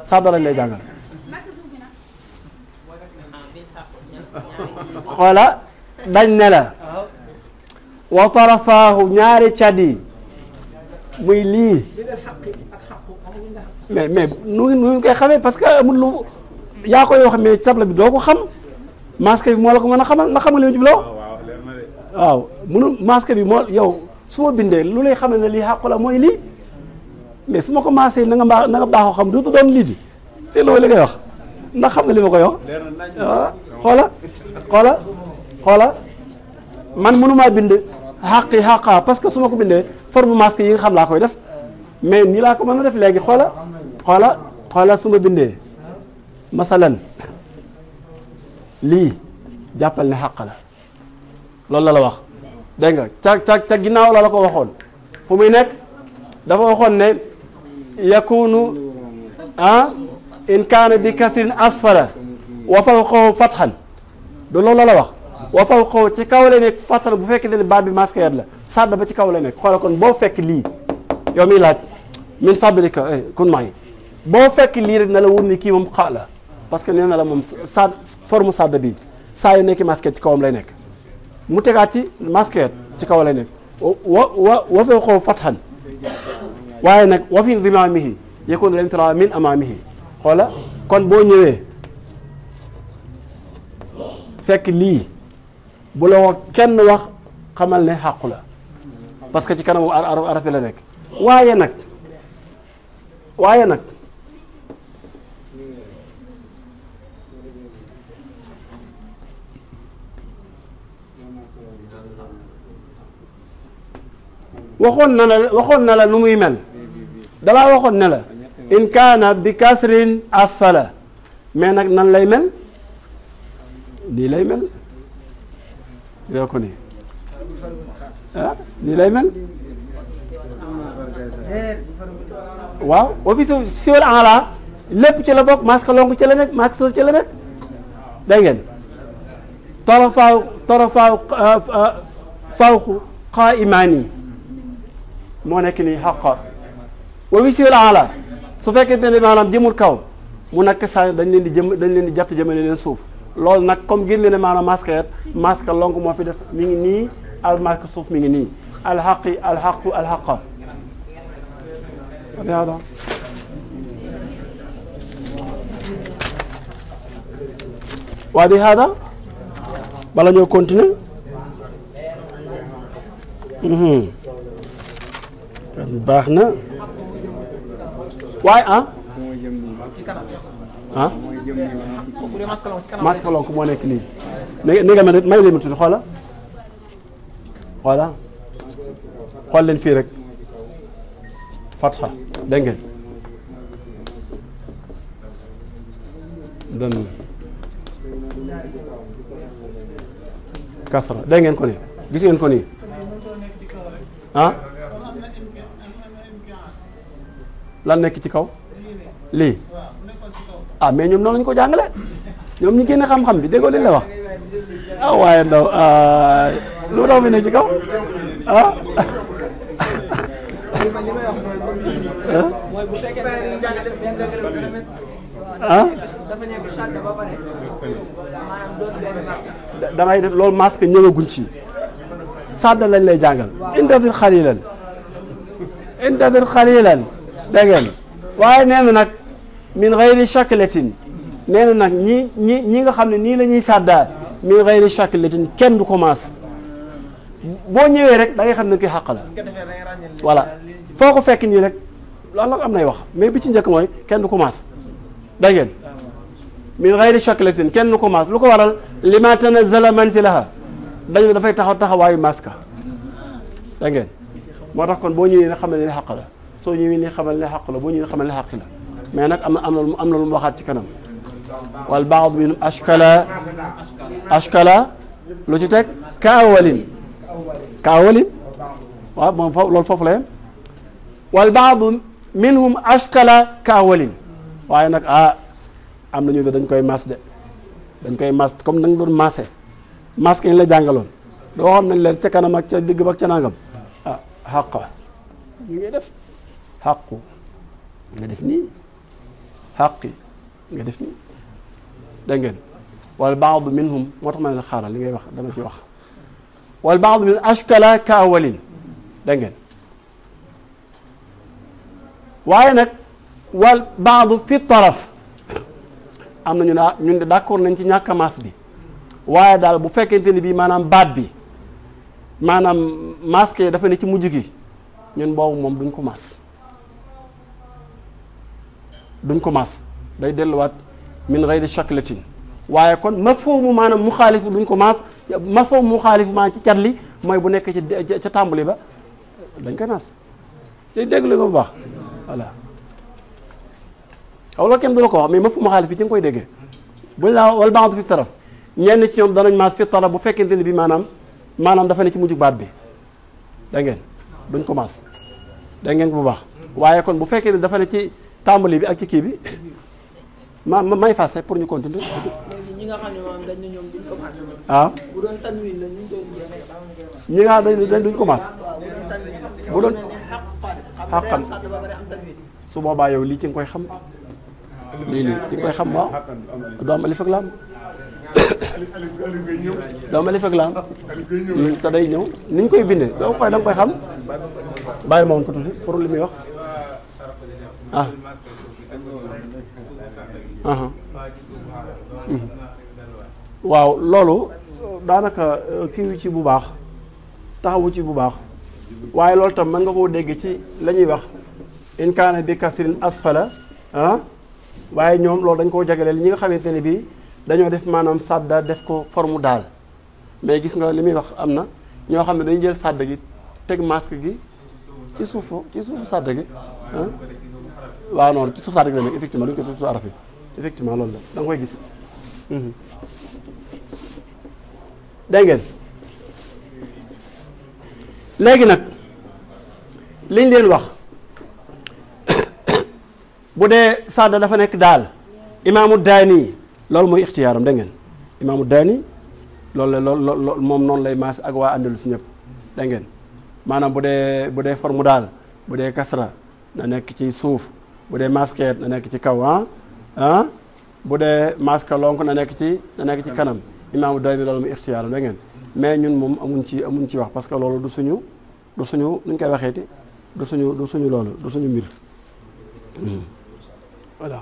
sàdda lañ lay jàngal xoola dañ ne la wa tarafaahu ñaari cat yi muy lii mais me nu nu koy xamee parce que amul lu yaako yoo wax mais tabla bi doo ko xam masque bi moo la ko mën a xamal nga xam nga li jubloo waaw munu masque bi moo yow su ma bindee lu lay xamal ne lii xàqu la mooy lii mais su ma ko maasee na nga baax na nga baaxoo xam dootu lii di te loolu li ngay wax ndax xam na li ma koy wax ah, xoola xoola xoola man mënumaa bind xàqi xàqaa parce que su ma ko bindee for bu masque yi nga xam laa koy def mais nii laa ko mën a def léegi xoola xoola xoola su ma bindee masalan lii jàppal ne xàq la loolu la la wax dégg nga ca ca ca ginnaaw la la ko waxoon fu muy nekk dafa waxoon ne yakunu ah, in kaana bi kasrin asfala wa fawqahu fatxan du loolu la wax wa fawqahu ci kaw la nekk fatxan bu fekkee ne baat bi masque la sàdd ba ci kaw la nekk xoola kon boo fekk lii yow miy laaj min fadlika eh, kun maay boo fekk lii rek na la wóor ni kii moom xa la parce que nee na la moom sàdd forme sàdd bii saa yu nekki masque ci kawam lay nekk mu tegaat ci masque ci kaw lay nekk wa wa wa fawqahu fatxan waaye nag wa fi dimaamihi yakunu limtira min amaamihi xoola kon boo ñëwee fekk lii bu la ko kenn wax xamal ne xàqu la parce que ci kanamu araf la nekk waaye nag waaye nag waxoon na la waxoon na la nu muy mel dalaa waxoon na la in kaana bi kasrin asfala mais nag nan lay mel nii lay mel ah, lay mel waaw office siol en la lépp ci la bokk maska lonk ci la nekk maska suuf ci la nekk dégg ngeen qaa ah, imaani moo nekk nii xaqa wa wisiol en la su fekkente ne maanaam jëmul kaw mu nekk saa dañ leen di jëm dañ leen di jàpp jëmale leen suuf loolu nag comme gén ne maanaam masque et masque moo fi def mi ngi nii al masque suuf mi ngi nii alxaqi alxaqu alxaqa waa di haada bala ñoo continuer mhm. baax na waaye ah. ah. maskalonk moo nekk nii. ni nga mel may leen ma tudd xoola xool leen fii rek fatxa dégg ngeen dënn kasra dégg ngeen ko nii gis ngeen ko nii ah lan nekk ci kaw lii ah mais ñoom noonu lañu ko jàngale ñoom ñi génne xam-xam bi déggoo leen la wax ah waaye ndaw ah, lu tax mi ne ci kaw ah. ah ah damay def loolu masque ñëwaguñ ci sàdd lañ lay jàngal indadir xalilan indadir xalilan dégg ngeen waaye nee na nag min xayri shakletin nee na nag ñi ñi ñi nga xam ne nii la ñuy sàddaa min xayri shakletin kenn du commence boo ñëwee rek da ngay xam ne kii xàq la foo ko fekk nii rek loolu nag am nay wax mais bi ci njëkk mooy kenn du commence dégg ngeen min xayri shakletin kenn du commence lu ko waral lima tanazala manzilaha dañu dafay taxaw taxawaayu maska dégg ngeen moo tax kon boo ñëwee rek xam ne ni xàq la soo ñëwee ni xamal ne xaq la boo ñëwee xamal ne xaqi la mais nag am na am na lu am na lu mu waxaat ci kanam wal baadu minhum ashkala ashkala lu ci teg kaawalin kaawalin waaw moom foofu loolu kaawalin waaye nag ah am nañu de dañ koy mas de dañ koy mas comme dañ doon masé mas ki la jàngaloon doo xam nañ leen ca kanam ak ca digg ba ak ca nangam ah xaqa xàqu nga def nii xàqi nga def nii dégg ngeen wal baadu minhum moo tax ma ne la xaaral li ngay wax dama ci wax wal baadu min ashkala ka awalin dégg ngeen waaye nag wal baadu fi taraf am na ñu ñun de d'accord nañ ci ñàkk maas bi waaye daal bu fekkente ni bii maanaam baat bi maanaam masque yi dafa ne ci mujj gi ñun boobu moom duñ ko maas duñ ko maas day delluwaat min gayri chaklatin waaye kon ma mafhoomu maanaam muxaalifu duñ ko maas mafhoomu muxaalifu maanaam ci cat li mooy bu nekk ci ca tàmbali ba dañ koy maas day dégg li nga bu baax voilà xaw la kenn du la ko wax mais mafhoomu muxaalif bi ci koy déggee buñ laa wal baantu fi taraf ñenn ci ñoom danañ maas fi taraf bu fekkente ne bi maanaam maanaam dafa ne ci mujj baat bi da ngeen duñ ko maas da ngeen bu baax waaye kon bu fekkee ne dafa ne ci tàmbali bi ak ci kii bi ma ma may fase pour ñu continuer. ñi nga xam ne moom dañ ne ñoom duñ commencé. ah bu doon tanwin xam su boobaa yow lii ci nga koy xam. lii lii ci nga koy xam waaw. du am alif ak laam. doo ma laam. te day ñëw ni ñu koy bindee doo koy da koy xam. bàyyi ma ko tuuti pour li muy wax. ah waaw loolu daanaka euh, kiiwu ci bu baax taxawu ci bu baax waaye loolu tam mën nga koo dégg ci la ñuy wax in kaana bi kasrin asfala ah waaye ñoom loolu dañ koo jagalee li ñi nga xamante ne bii dañoo def maanaam sàdda def ko formu daal mais gis nga li muy wax am na ñoo xam ne dañu jël sàdd gi teg masque gi ci suuf ci suufu sàdd gi ah. waaw noonu ci suuf saa rek la nekk effectivement duñ ko tudd da nga koy gis. Mhm. dégg ngeen léegi nag liñ leen wax *coughs* bu dee sadda dafa nekk daal imaamu daani loolu mooy ixtiyaaram dégg ngeen imaamu daani loolu la loolu moom noonu lay maas ak waa àndalus ñëpp dégg ngeen maanaam bu dee bu dee forme daal bu dee kasra na nekk ci suuf. bu dee masquette na nekk ci kaw ah ah bu dee masque lonk na nekk ci na nekk ci kanam imaamu doy bi loolu mu ixtiyaar da ngeen mais ñun moom amuñ ci amuñ ci wax parce que loolu du suñu du suñu nuñ koy waxeeti du suñu du suñu loolu du suñu mbir hmm. voilà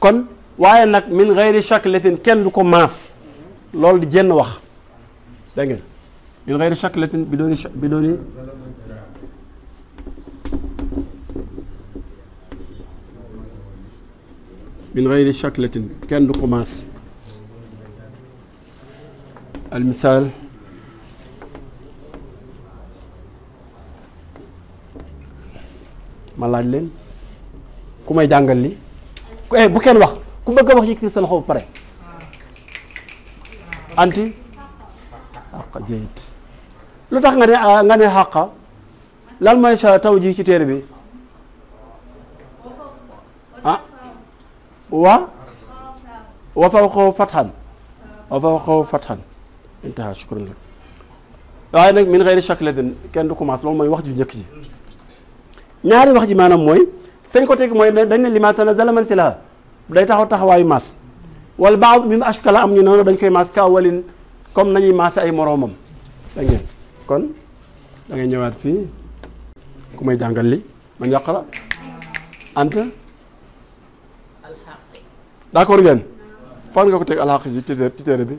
kon waaye nag min chaque shakletin kenn du ko maas loolu di jenn wax da ngeen min gayri shakletin bi dooni bi dooni min gayri chaklatin kenn du ko maas al ma laaj leen ku may jàngal li eh bu kenn wax ku bëgg a wax yëkkati sa loxo ba pare anti xàq jayit lu tax nga ne ah, nga ne xàqa lan mooy sa taw ji ci teere bi wa wa fawqahu fathan wa fawqahu fathan intaha shukran lak waaye nag min xëy na chaque lettre kenn du commence loolu mooy wax ju njëkk ji ñaari wax ji maanaam mooy fañ ko teg mooy dañ ne limaa tanazzala man silaha day taxaw taxawaayu maas wala baax min ashkala am ñu noonu dañ koy maas ka awalin comme nañuy maase ay moroomam da ngeen kon da ñëwaat fii ku may jàngal li man yàq la ant d'accord ngeen fan nga ko teg alxaq ji ci téere bi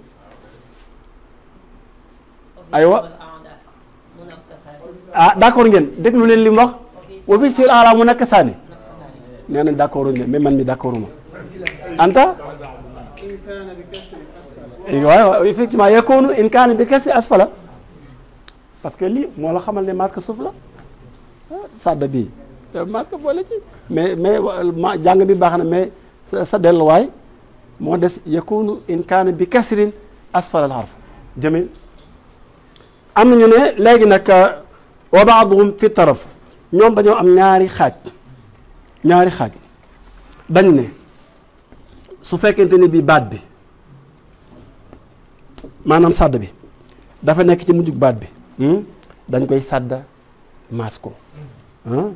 aywa ah d'accord ngeen déglu leen li mu wax wa fi sil ala mu nekk nee na d'accord ngeen mais man mi d'accorduma anta eh, waaw waaw effectivement yekoonu in kaana bi kasi asfala parce que lii moo la xamal ne masque suuf la ah, sàdda bii masque boole ci mais mais ma bi baax na mais sa delluwaay moo des yakunu in bi kasrin asfal al harf jamil am nañu ne léegi nag euh, wa baaduhum fi taraf ñoom dañoo am ñaari xaaj ñaari xaaj dañ ne su fekkente ni bi baat bi maanaam sàdd bi dafa nekk ci mujjug baat bi hmm, dañ koy sàdd maas ko hmm,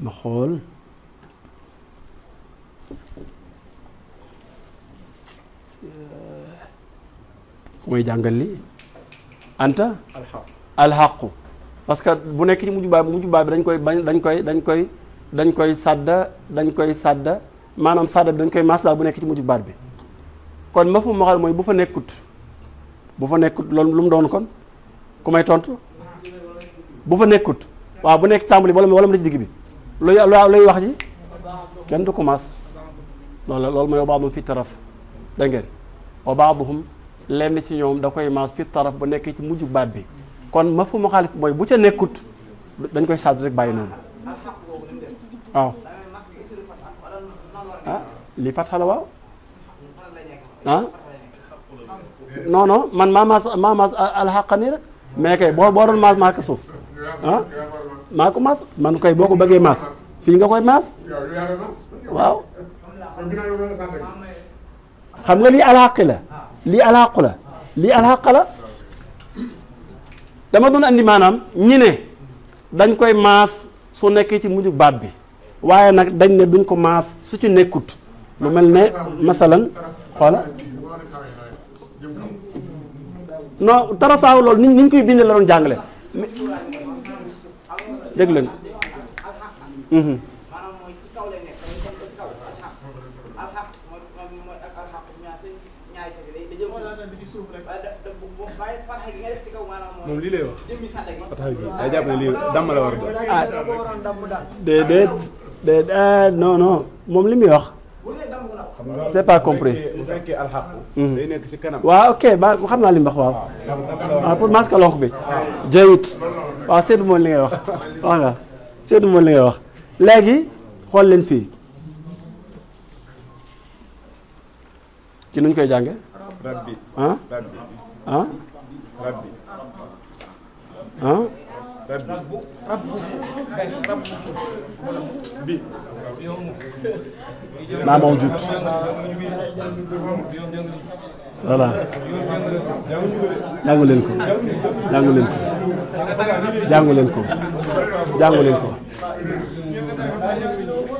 ma xool ku may jàngal lii anta alxaqu parce que bu nekk ci mujju baay bi mujj baay bi dañ koy bañ dañ koy dañ koy dañ koy sàdda dañ koy sàdda maanaam sàdda bi dañ koy masla bu nekk ci mujj baat bi kon ma fu ma xal mooy bu fa nekkut bu fa nekkut loolu lu mu doon kon ku may tontu bu fa nekkut waaw bu nekk tàmbali wala wala mu nekk digg bi looy looy wax ji kenn du commence loolu loolu mooy wa baaduhum fi taraf da ngeen wa baaduhum lenn ci ñoom da koy maas fi taraf bu nekkee ci mujj baat bi kon ma fu mu xaalif mooy bu ca nekkut dañ koy sadd rek bàyyi noonu waaw ah li fatxa la waaw ah non non man maa maas maa maas alxaqa nii rek mais kay boo boo doon maas maa ko ah maa ko maas man koy boo ko bëggee maas fii nga koy maas waaw xam nga lii alxaqi la lii alxaqu la lii alxaq la dama doon andi maanaam ñi ne dañ koy maas soo nekkee ci mujj baat bi waaye nag dañ ne duñ ko maas su ci nekkut lu mel ne masalan xoola non tarafaaw loolu ni ñu koy bindee la doon jàngale dégg leen mhm. moom lii lay bi day jàpp ah. ah, non non moom li muy wax. c'est pas compris. nekk ci kanam. waaw ok ba xam naa li mu wax waaw. waaw ah, pour masque bi. jawit waaw seetu moom li ngay wax wax nga seetu moom li ngay wax léegi xool leen fii. ci nuñ koy jànge ah ah. ah. maa mawjud voilà jàngu ko jàngu ko jàngu ko jàngu ko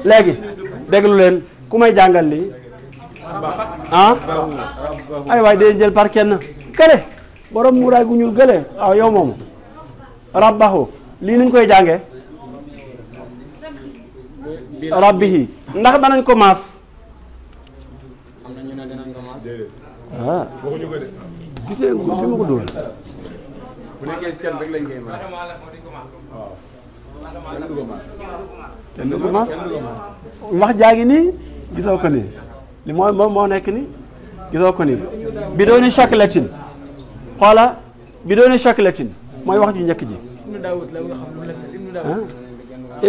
léegi déglu leen ku may jàngal lii ah ay waay day jël par kenn kële borom muraay gu ñuul gële waaw ah, yow moomu rabbahu lii nuñ koy jànge rabbihi ndax danañ ko maas ah gisee gisee ma ko dóor bu rek lañ koy maas kenn du ko maas wax jaa ngi nii gisoo ko nii li mooy moom moo nekk nii gisoo ko nii bi dooni chocolatin xoola bi dooni chocolatin mooy wax ju njëkk ji. Ibnu Daawud la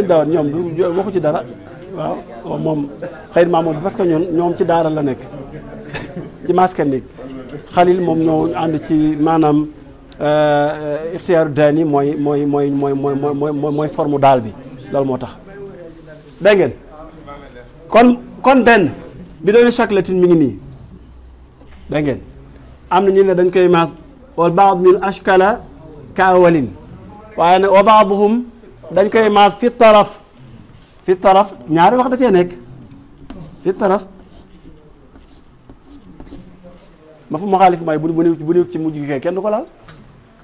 nga ah. ñoom du waxu ci dara waaw moom xëy na moom parce que ñun ñoom ci daara la nekk *laughs* ci maskanik xalil moom ñoo ànd ci maanaam euh, ixtiyaaru daani mooy mooy mooy mooy mooy mooy forme daal bi loolu moo tax dégg kon kon benn bi doon chaque latine mi ngi nii dégg am na ñu ne dañ koy maas wal baad min ashkala ka awalin waaye nag wa baaduhum dañ koy maas fi taraf fi taraf ñaari wax da cee nekk fi taraf ma fu ma xaalif mooy bu bu bu ci mujj gi kenn du ko laal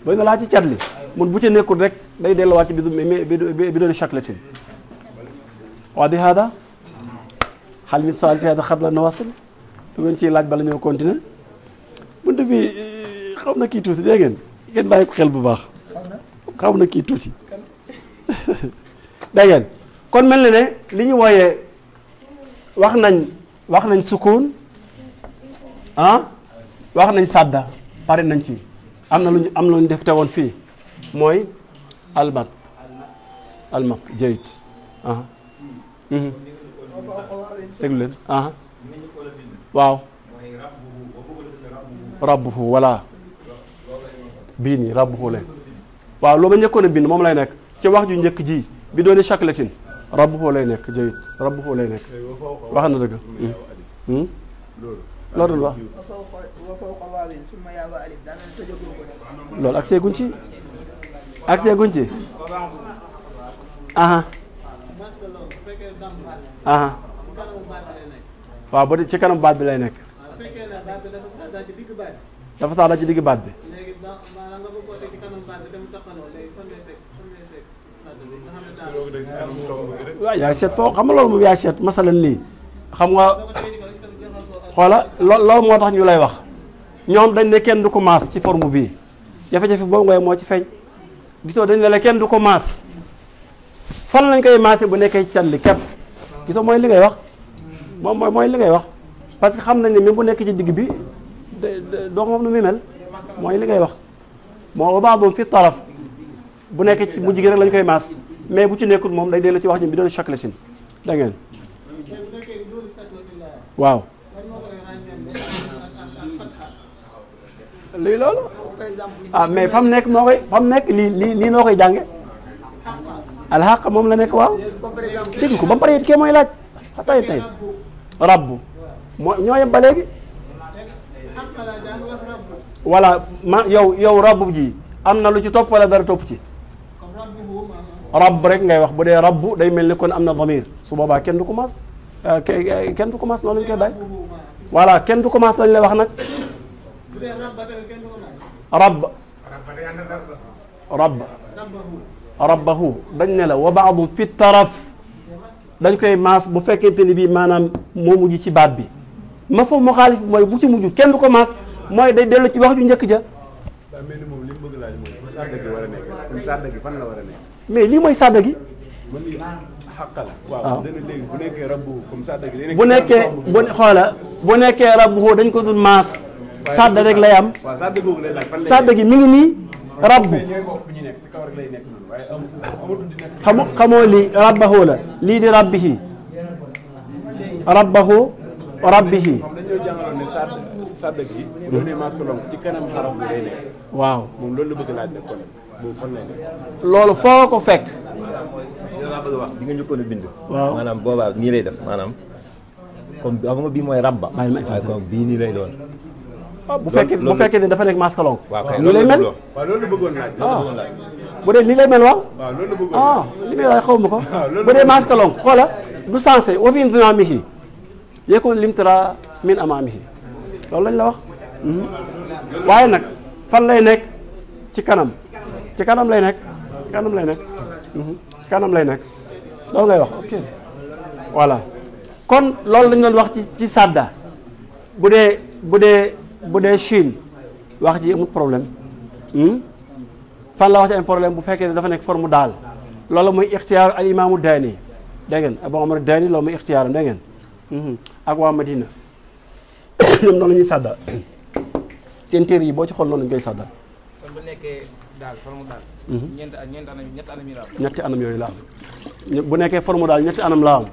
ba nga laa ci cat li mun bu ci nekkul rek day delluwaat ci bi bi doon chaclatin waa di hada xal mi soal fi hada xabla nawasil lu ngeen ciy laaj bala ñoo continuer buntu bi xaw na kii tuuti dégg ngeen ngeen bàyyi ko xel bu baax xaw na kii tuuti dégg kon mel na ne li ñu wooyee wax nañ wax nañ sukun ah wax nañ sàdda pare nañ ci am na lu ñu am na lu ñu def te woon fii mooy almat almat jayit ah mhm. leen ah waaw rabbuhu voilà bii nii rabb xule waaw loo ma njëkkoon a moom lay nekk ci wax ju njëkk ji bi dooni chaklatin rabb xoo lay nekk jayit rabb xoo lay nekk wax na dëgg hmm. Hmm? loolu wax loolu ak seeguñ ci ak seeguñ ci aha aha waaw ba ci kanam baat bi lay nekk dafa sax daal baat bi waaw yaay seet foo xam nga loolu moom yaay seet masalan lii xam nga xoola loolu moo tax ñu lay wax ñoom dañ ne kenn du ko maas ci forme bii jafe-jafe boobu ngay moo ci feeñ gisoo dañ ne la kenn du ko maas fan lañ koy maase bu nekkee can li képp gisoo mooy li ngay wax moom mooy mooy li ngay wax parce que xam nañ ne même bu nekk ci digg bi doo moom nu muy mel mooy li ngay wax moo ba baax fi taraf bu nekk ci mujj gi rek lañ koy maas mais bu ci nekkul moom day dellu ci wax ñu bi doon chocolatin da ngeen waaw luy loolu ah mais fa mu nekk noo koy fa nekk lii lii lii noo koy jànge alxaq moom la nekk waaw dégg ko ba pare it kee mooy laaj xatay tay rabbu moo ñoo yem ba léegi ma yow yow rabbu ji am na lu ci topp wala dara topp ci rabb rek ngay wax bu dee rabbu day mel ni kon am na damir su boobaa kenn du euh, ko maas eh, kenn du ko maas noonu lañ koy bàyyi voilà kenn du ko maas lañ lay wax nag rabb rabb rabbahu dañ ne la wa baadum fi taraf dañ koy maas bu fekkente ni bii maanaam moo mujj ci baat bi ma foofu mu xaalif bi mooy bu ci mujj kenn du ko maas mooy day dellu ci wax ju njëkk ja daa mel ni moom li mu bëgg laaj mooy bu a la war a nekk mais lii mooy sàdda gi. Ah. waaw bu nekkee bu xoola bu nekkee rabbu dañ ko dul maas. sàdda rek lay am. sàdda gi mu ngi nii rabbu. xamoo xamoo lii rabbahu la lii di rabbihi rabbahu rabbihi waaw moom loolu la bëgg laaj nag kon loolu foo ko fekk. maanaam bëgg wax bi nga njëkkoon a bind. waaw maanaam boobaa nii lay def maanaam. comme xam bii mooy rabba. waaye comme bii nii lay doon. Ah, bu fekkee bu fekkee ne dafa nekk maskalonk. waaw lay mel waaw loolu la bëggoon laaj. loolu la bu dee lii lay mel waaw. waaw ah, xaw ma ko. Ah, bu dee maskalonk xoola du sensé wa fi dinamihi yakun limtira min amamihi loolu lañ la wax. Hmm? waaye nag fan lay nekk ci kanam. ci kanam lay nekk kanam lay nekk mhm. kanam lay nekk loolu ngay wax ok voilà kon loolu lañ doon wax ci ci sàdda bu dee bu dee bu dee Chine wax ji amul problème hmm? fan la wax ci am problème bu fekkee ne dafa nekk forme daal loolu mooy ixtiyaaru al imaamu daani dégg ngeen abu amar daani loolu mooy ixtiyaaram dégg ngeen hmm. ak waa Madina *coughs* ñoom noonu la sàdda *coughs* seen téere yi boo ci xool noonu lañ koy sàdda daal forme daal. Mhm. ñeenti ak ñeenti ñetti anam yi la am. ñetti bu nekkee forme daal ñetti anam la am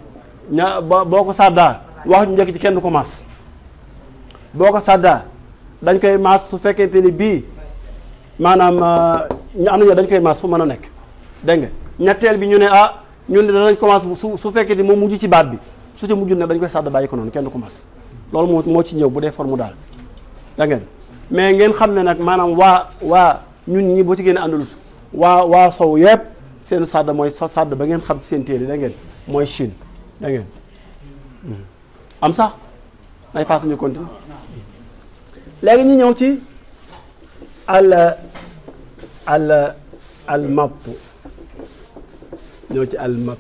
ña boo ko sàddaa wax njëkk ci kenn ko maas boo ko sàddaa dañ koy maas su fekkee fekkente ni bii maanaam euh, ñu am nañu dañ koy maas fu mën a nekk dégg nga ñetteel bi ñu ne ah ñun de danañ commencé su su fekkee ni moom mujj ci baat bi su ci mujj nag dañ koy sàdd bàyyi ko noonu kenn du ko mas loolu moo moo ci ñëw bu dee formu daal da mais ngeen xam ne nag maanaam waa waa ñun ñi boo ci gën a àndalus waa waa sow yëpp seen sàdd mooy sàdd ba ngeen xam ci seen téere da ngeen mooy Chine da hmm. am sax day faas ñu continue léegi ñu ñëw ci àll àll al mapp ñëw ci al mapp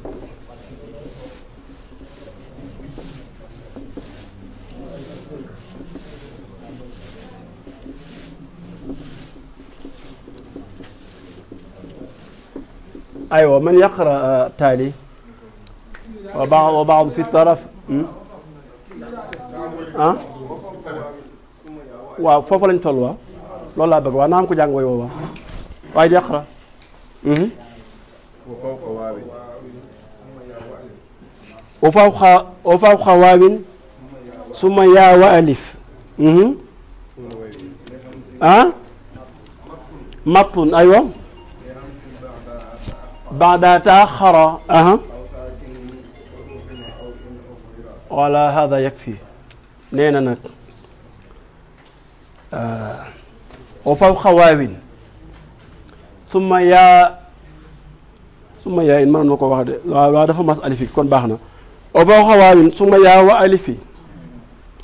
أيوة من يقرأ تالي وبعض وبعض في الطرف ah waaw foofu lañ toll waaw loolu laa bëgg waaw naa am ko jàng way woo waaye di yaqra o faw xa waawin suma yaa wa alif ah mappun aywa بعد تأخر أها ولا هذا يكفي nee na nag wa fawqa waawin summa yaa summa yaa in mënoon na ko wax de waaw dafa mas alifi kon baax na wa fawqa waawin summa yaa wa alifi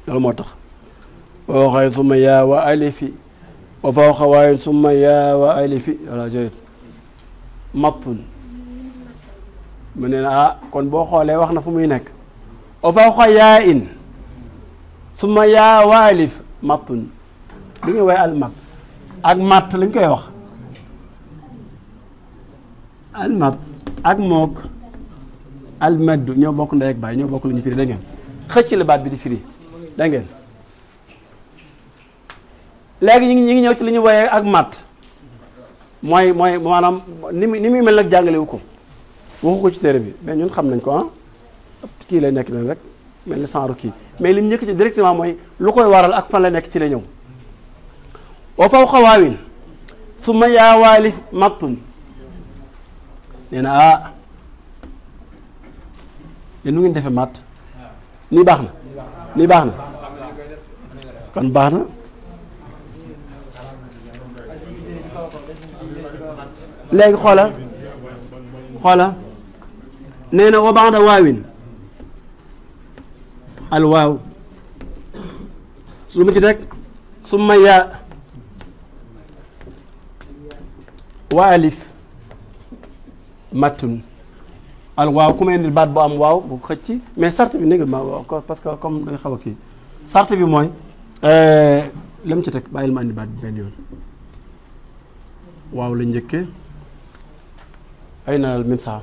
loolu moo waawin summa yaa wa alifi voilà mu ne ah kon boo xoolee wax na fu muy nekk o fawqa yaa in suma yaa waalif mattun li ngay waaye al ak matt lañ koy wax al ak mook al maddu ñoo bokk ndey ak baay ñoo bokk lu ñu firi da ngeen xëcc la baat bi di firi da ngeen léegi ñu ngi ñu ñëw ci li ñu woyee ak matt mooy mooy maanaam ni muy ni muy mel nag jàngalewu ko waxu ko ci téere bi mais ñun xam nañ ko ah kii lay nekk leen rek mel ni sanru kii mais lim njëkk ci directement mooy lu koy waral ak fan la nekk ci la ñëw wa faw xawaawin su ma yaawaali mattum nee na ah yéen nu ngeen defe matt nii baax na nii baax na kon baax na léegi xoola xoola nee na wa ba'da waawin al waaw su mu ci teg summa yaa wa alif mattun al waaw ku may indil baat bu am waaw bu xëcc mais sart bi négal ma parce que comme da nga xaw a kii sart bi mooy euh, lam ci teg bàyyil ma indi baat bi benn yoon waaw la njëkke ay na mim saa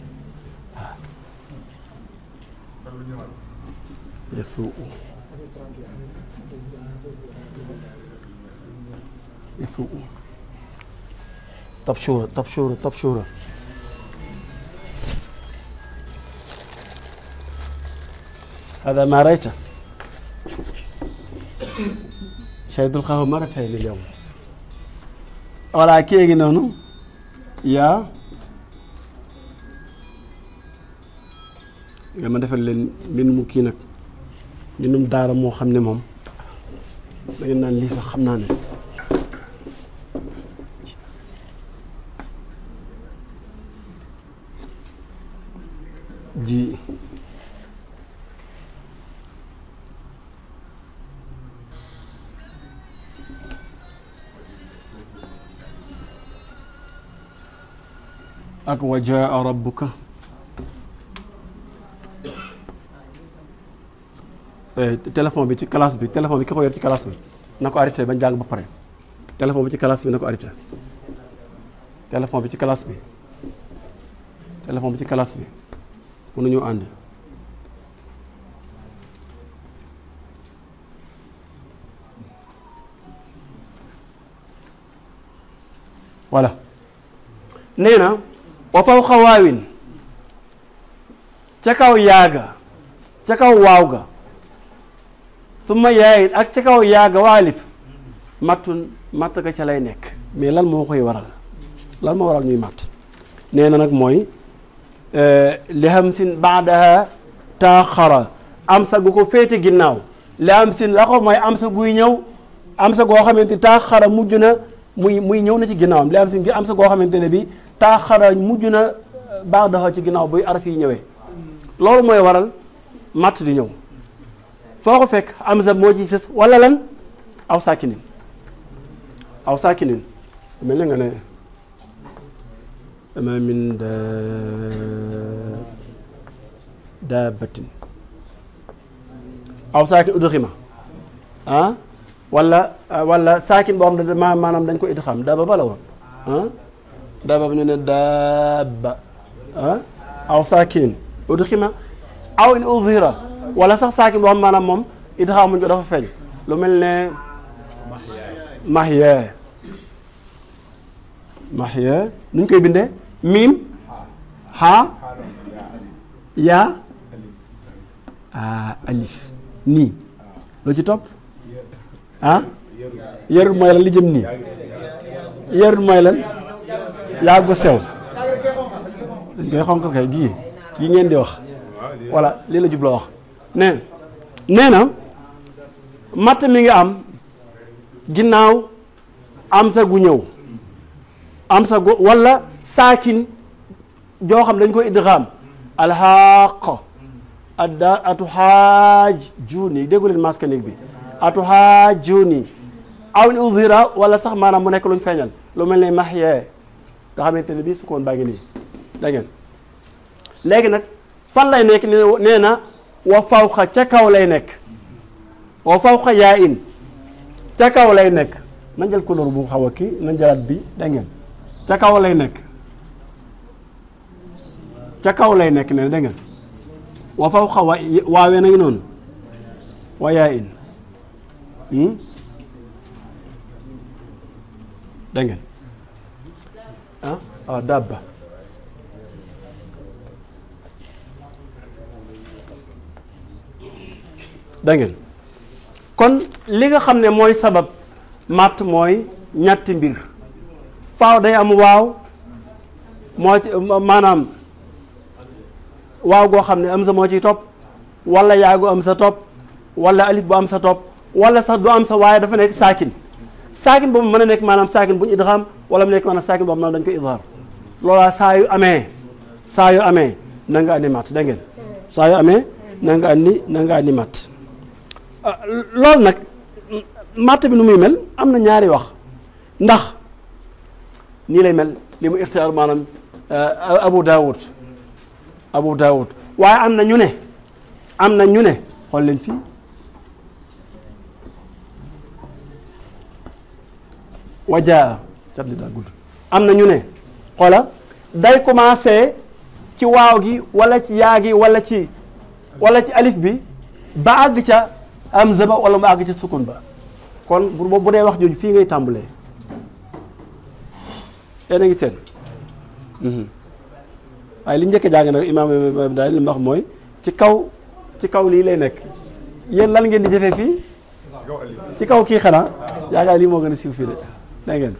يسوء يسوء طبشورة طبشورة طبشورة هذا ما رأيته شاهد القهوة مرتين اليوم ولا كي نونو يا يا ما دفن لين من ممكنك mbindum daara moo xam ne moom da naan lii sax xam naa ne ji ak wajaa rabbuka Euh, téléphone bi ci classe bi téléphone bi ki ko yor ci classe bi na ko arrêté bañ jàng ba pare téléphone bi ci classe bi na ko arrêté téléphone bi ci classe bi téléphone bi ci classe bi mënuñoo ànd voilà nee na faw xawaawin ca kaw yaaga ca kaw waaw ga su ma yaayit ak ci kaw yaaga waalif mattu matt ga ca lay nekk mais lan moo koy waral lan moo waral ñuy matt nee na nag mooy li xam sin baadaha taaxara am sa gu ko féete ginnaaw li am sin la ko mooy am sa guy ñëw am sa goo xamante taaxara mujj na muy muy ñëw na ci ginnaawam li am sin am sa goo xamante ne bi taaxara mujj na baadaha ci ginnaaw buy araf yi ñëwee loolu mooy waral matt di ñëw foo ko fekk hamza moo ci sës wala lan aw saakinin aw saakinin mel na nga ne ma min daabatin aw saakin udxima ah wala ah, wala saakin boo xam ne maanaam dañ ko idxam daaba ba la woon ah daaba bu ñu ne daaba ah aw saakinin udxima aw in udhira wala sax saakin boo xam maanaam moom idxaamuñ ko dafa feeñ lu mel ne mahye mahye nuñ koy bindee miim xaa yaa alif nii loo ci topp ah yërut mooy lan li jëm nii yërut mooy lan yaa gu sew dañ koy xonqal kay gii gi ngeen di wax walla lii la jubloo wax nee nee na matt mi ngi am ginnaaw am sa gu ñëw am sa gu wala saakin joo dañ koy idgaam alxaq adda atuxaaj juuni déggu leen masque bi atuxaaj juuni aw ni uzira wala sax maanaam mu nekk luñ feeñal lu mel ne maxyee nga xamante ne bii su koon baa ngi nii da ngeen nag fan lay nekk nee wa fawxa ca kaw lay nekk wa fawxa yaa in ca kaw lay nekk na jël bu xaw a ki na bi da ngeen ca kaw lay nekk ca kaw lay nekk ne da ngeen wa fawxa wa waawee nañu noonu wa yaa in hmm? da ngeen ah, ah dabba dangeen kon li nga xam ne mooy sabab matt mooy ñetti mbir faaw day am waaw moo ci maanaam waaw goo xam ne am sa moo ciy topp wala yaa am sa topp wala alif bu am sa topp walla sax du am sa waaye dafa nekk saakin saakin boobu mën a nekk maanaam saakin bu ñu idgham wala mu nekk maanaam saakin boobu noonu dañ ko idhaar loola saa yu amee saa yu amee na nga andi matt da saa yu amee na nga andi matt Euh, loolu nag matt bi nu muy mel am na ñaari wax ndax nii lay mel li mu ixtiyaar maanaam euh, Abu daawut Abu Daawud waaye am na ñu ne am na ñu ne xool leen fii wajaa cat li daa gudd am na ñu ne xoola day commencé ci waaw gi walla ci yaa gi wala ci walla ci alif bi ba àgg ca am zaba wala mu àgg ci sukun ba kon bu bu dee wax jooju fii ngay tàmbalee yéen a ngi seen mhm. waaye li njëkk jàng nag imaam daal li mu wax mooy ci kaw ci kaw lii lay nekk yéen lan ngeen di jëfee fii ci kaw kii xanaa yaakaar lii moo gën a siiw fii de dégg ngeen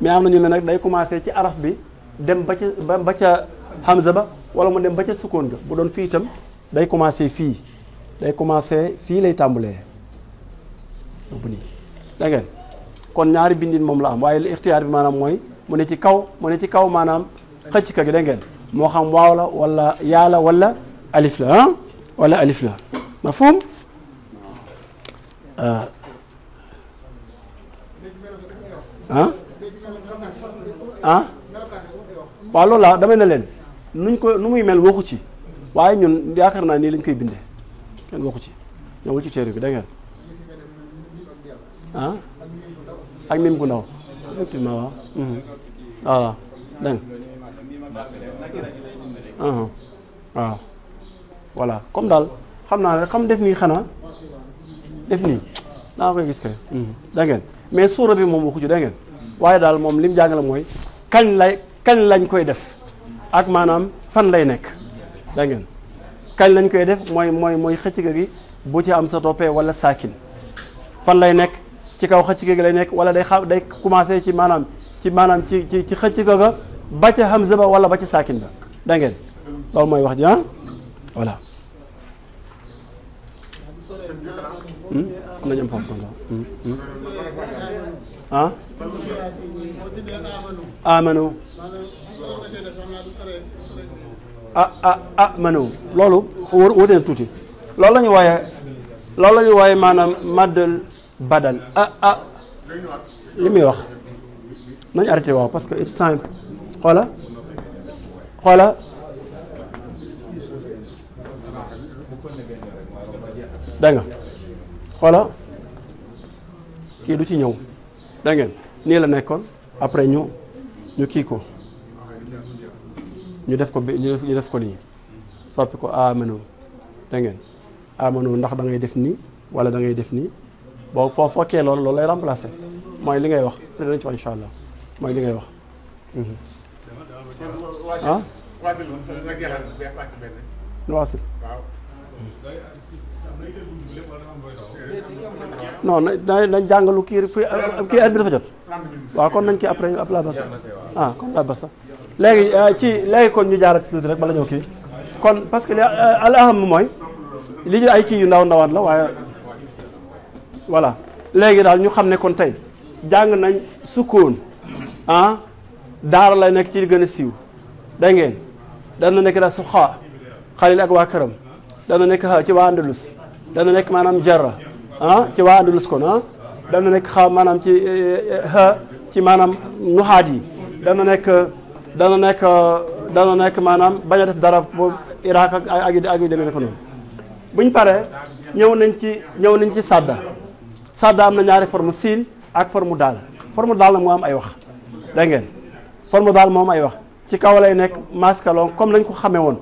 mais am nañu ne nag day commencé ci araf bi dem ba ca ba ca hamza ba wala mu dem ba ca sukkoon bu doon fii itam day commencé fii day commencé fii lay tàmbalee bu nii da kon ñaari bindin moom la am waaye ixtiyaar bi maanaam mooy mu ne ci kaw mu ne ci kaw maanaam xëcc ka gi da moo xam waaw la wala yaa la wala alif la ah wala ah. Ah? Ah? waaw loolu laa damay na leen nuñ ko nu muy mel waxu ci waaye ñun yaakaar naa nii lañ koy bindee kenn ci ñëwul ci téere bi da ngeen ah ak mim ku ndaw mhm. mhm. comme daal xam naa rek xam def nii xanaa def nii naa koy gis kay mhm. da mais suura bi moom waxu ci da ngeen waaye daal moom li mu jàngale mooy kañ lay kañ lañ koy def ak maanaam fan lay nekk da kañ lañ koy def mooy mooy mooy xëccëg gi bu ci am sa toppee wala saakin fan lay nekk ci kaw xëccëg gi lay nekk wala day xa day commencé ci maanaam ci maanaam ci ci ci xëccëg ba ca hamza ba wala ba ci saakin ba da ngeen mooy wax ji ah voilà. Hmm? ah ah ah manewu loolu wute na tuuti loolu lañuy ñu waaye loolu la ñu waaye maanaam maddal badal ah ah li muy wax nañu arrêté waaw parce que it's simple xoola xoola dégg xoola kii du ci ñëw dangeen nii la nekkoon après ñu ñu kii ko ñu def ko bi ñu def ko nii soppi ko amano ah, da ngeen amano ah, ndax da ngay def nii wala da ngay def nii boo foo fokkee loolu loolu lay remplacé mooy li ngay wax te danañ ci wax incha ngay wax. Mhm. ah. waasil. na jàngalu kii kii heure bi dafa jot. waaw kon nañ ci après ab la basa ah, kon la basa léegi euh, ci léegi kon ñu jaar ak tuuti rek bala ñëw kii kon parce que euh, al aham mooy li ñu ay kii yu ndaw ndawaan la waaye voilà léegi daal ñu xam ne kon tey jàng nañ sukkoon ah, daar lay nekk ci gën a siiw da ngeen dana nekk daal su xaa xalil ak waa këram dana nekk xaa ci waa andalus dana nekk maanaam jarra ah ci waa andalus kon ah dana nekk xaa maanaam ci ha eh, eh, eh, ci maanaam nuxaat yi dana nekk dana nekk dana nekk maanaam bañ a def dara boobu Irak ak ak ak yu demee ko noonu bu paree ñëw nañ ci ñëw nañ ci sadda sadda am na ñaari form siin ak forme daal forme daal nag mu am ay wax dégg ngeen forme daal moo am ay wax ci kaw lay nekk maskalon comme lañ ko xame woon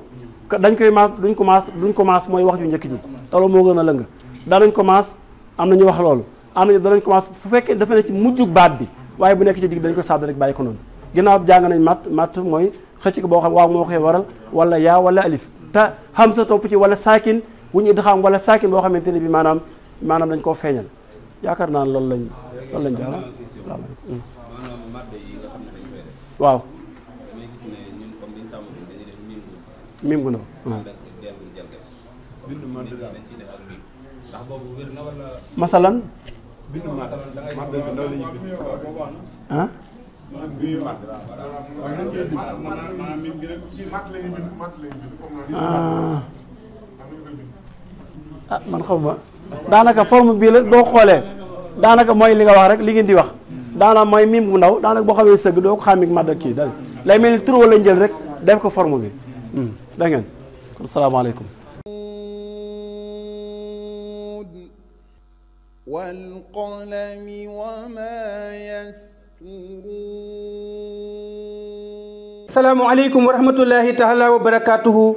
dañ koy maas duñ ko maas duñ mooy wax ju njëkk ji loolu moo gën a lëng danañ ko maas am na ñu wax loolu am nañu danañ ko maas fu fekkee dafa ne ci mujjug baat bi waaye bu nekk ci digg ko sàdd rek bàyyi ko noonu ginnaaw bi jàng nañ matt matt mooy xëcc boo xam waaw moo koy waral wala yaa wala alif te sa topp ci wala saakin wu ñu idxaam wala saakin boo xamante ne bi maanaam maanaam dañ koo feeñal yaakaar naa loolu lañ loolu lañ jàll salaamaaleykum waaw mim gu ndaw masalan ah man xaw ma daanaka forme bii la boo xoolee mooy li nga wax rek li ngeen di wax daanaka mooy mim bu ndaw daanaka boo xamee sëgg doo ko xàmmee màdd kii dal lay mel ni tur lañ jël rek def ko forme bi hmm, da ngeen kon salaamaaleykum والقلم salaamaaleykum wa rahmatullahi taala wa barakaatuhu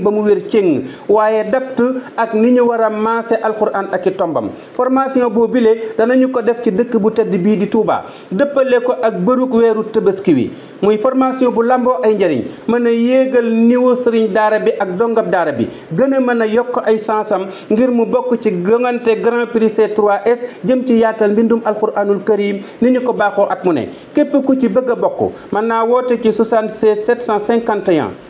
ba mu wér céng waaye dapt ak ni ñu war a maase alxuraan ak i tombam formation boo bilee danañu ko def ci dëkk bu tëdd bii di Touba dëppale ko ak bërug weeru tëbaski wi muy formation bu lamboo ay njëriñ mën a yéegal niveau sëriñ daara bi ak dongab daara bi gën a mën a yokk ay sansam ngir mu bokk ci gëngante grand prix C3S jëm ci yaatal mbindum alxuraanul karim ni ñu ko baaxoo ak mu ne képp ku ci bëgg a bokk mën naa woote ci 76 751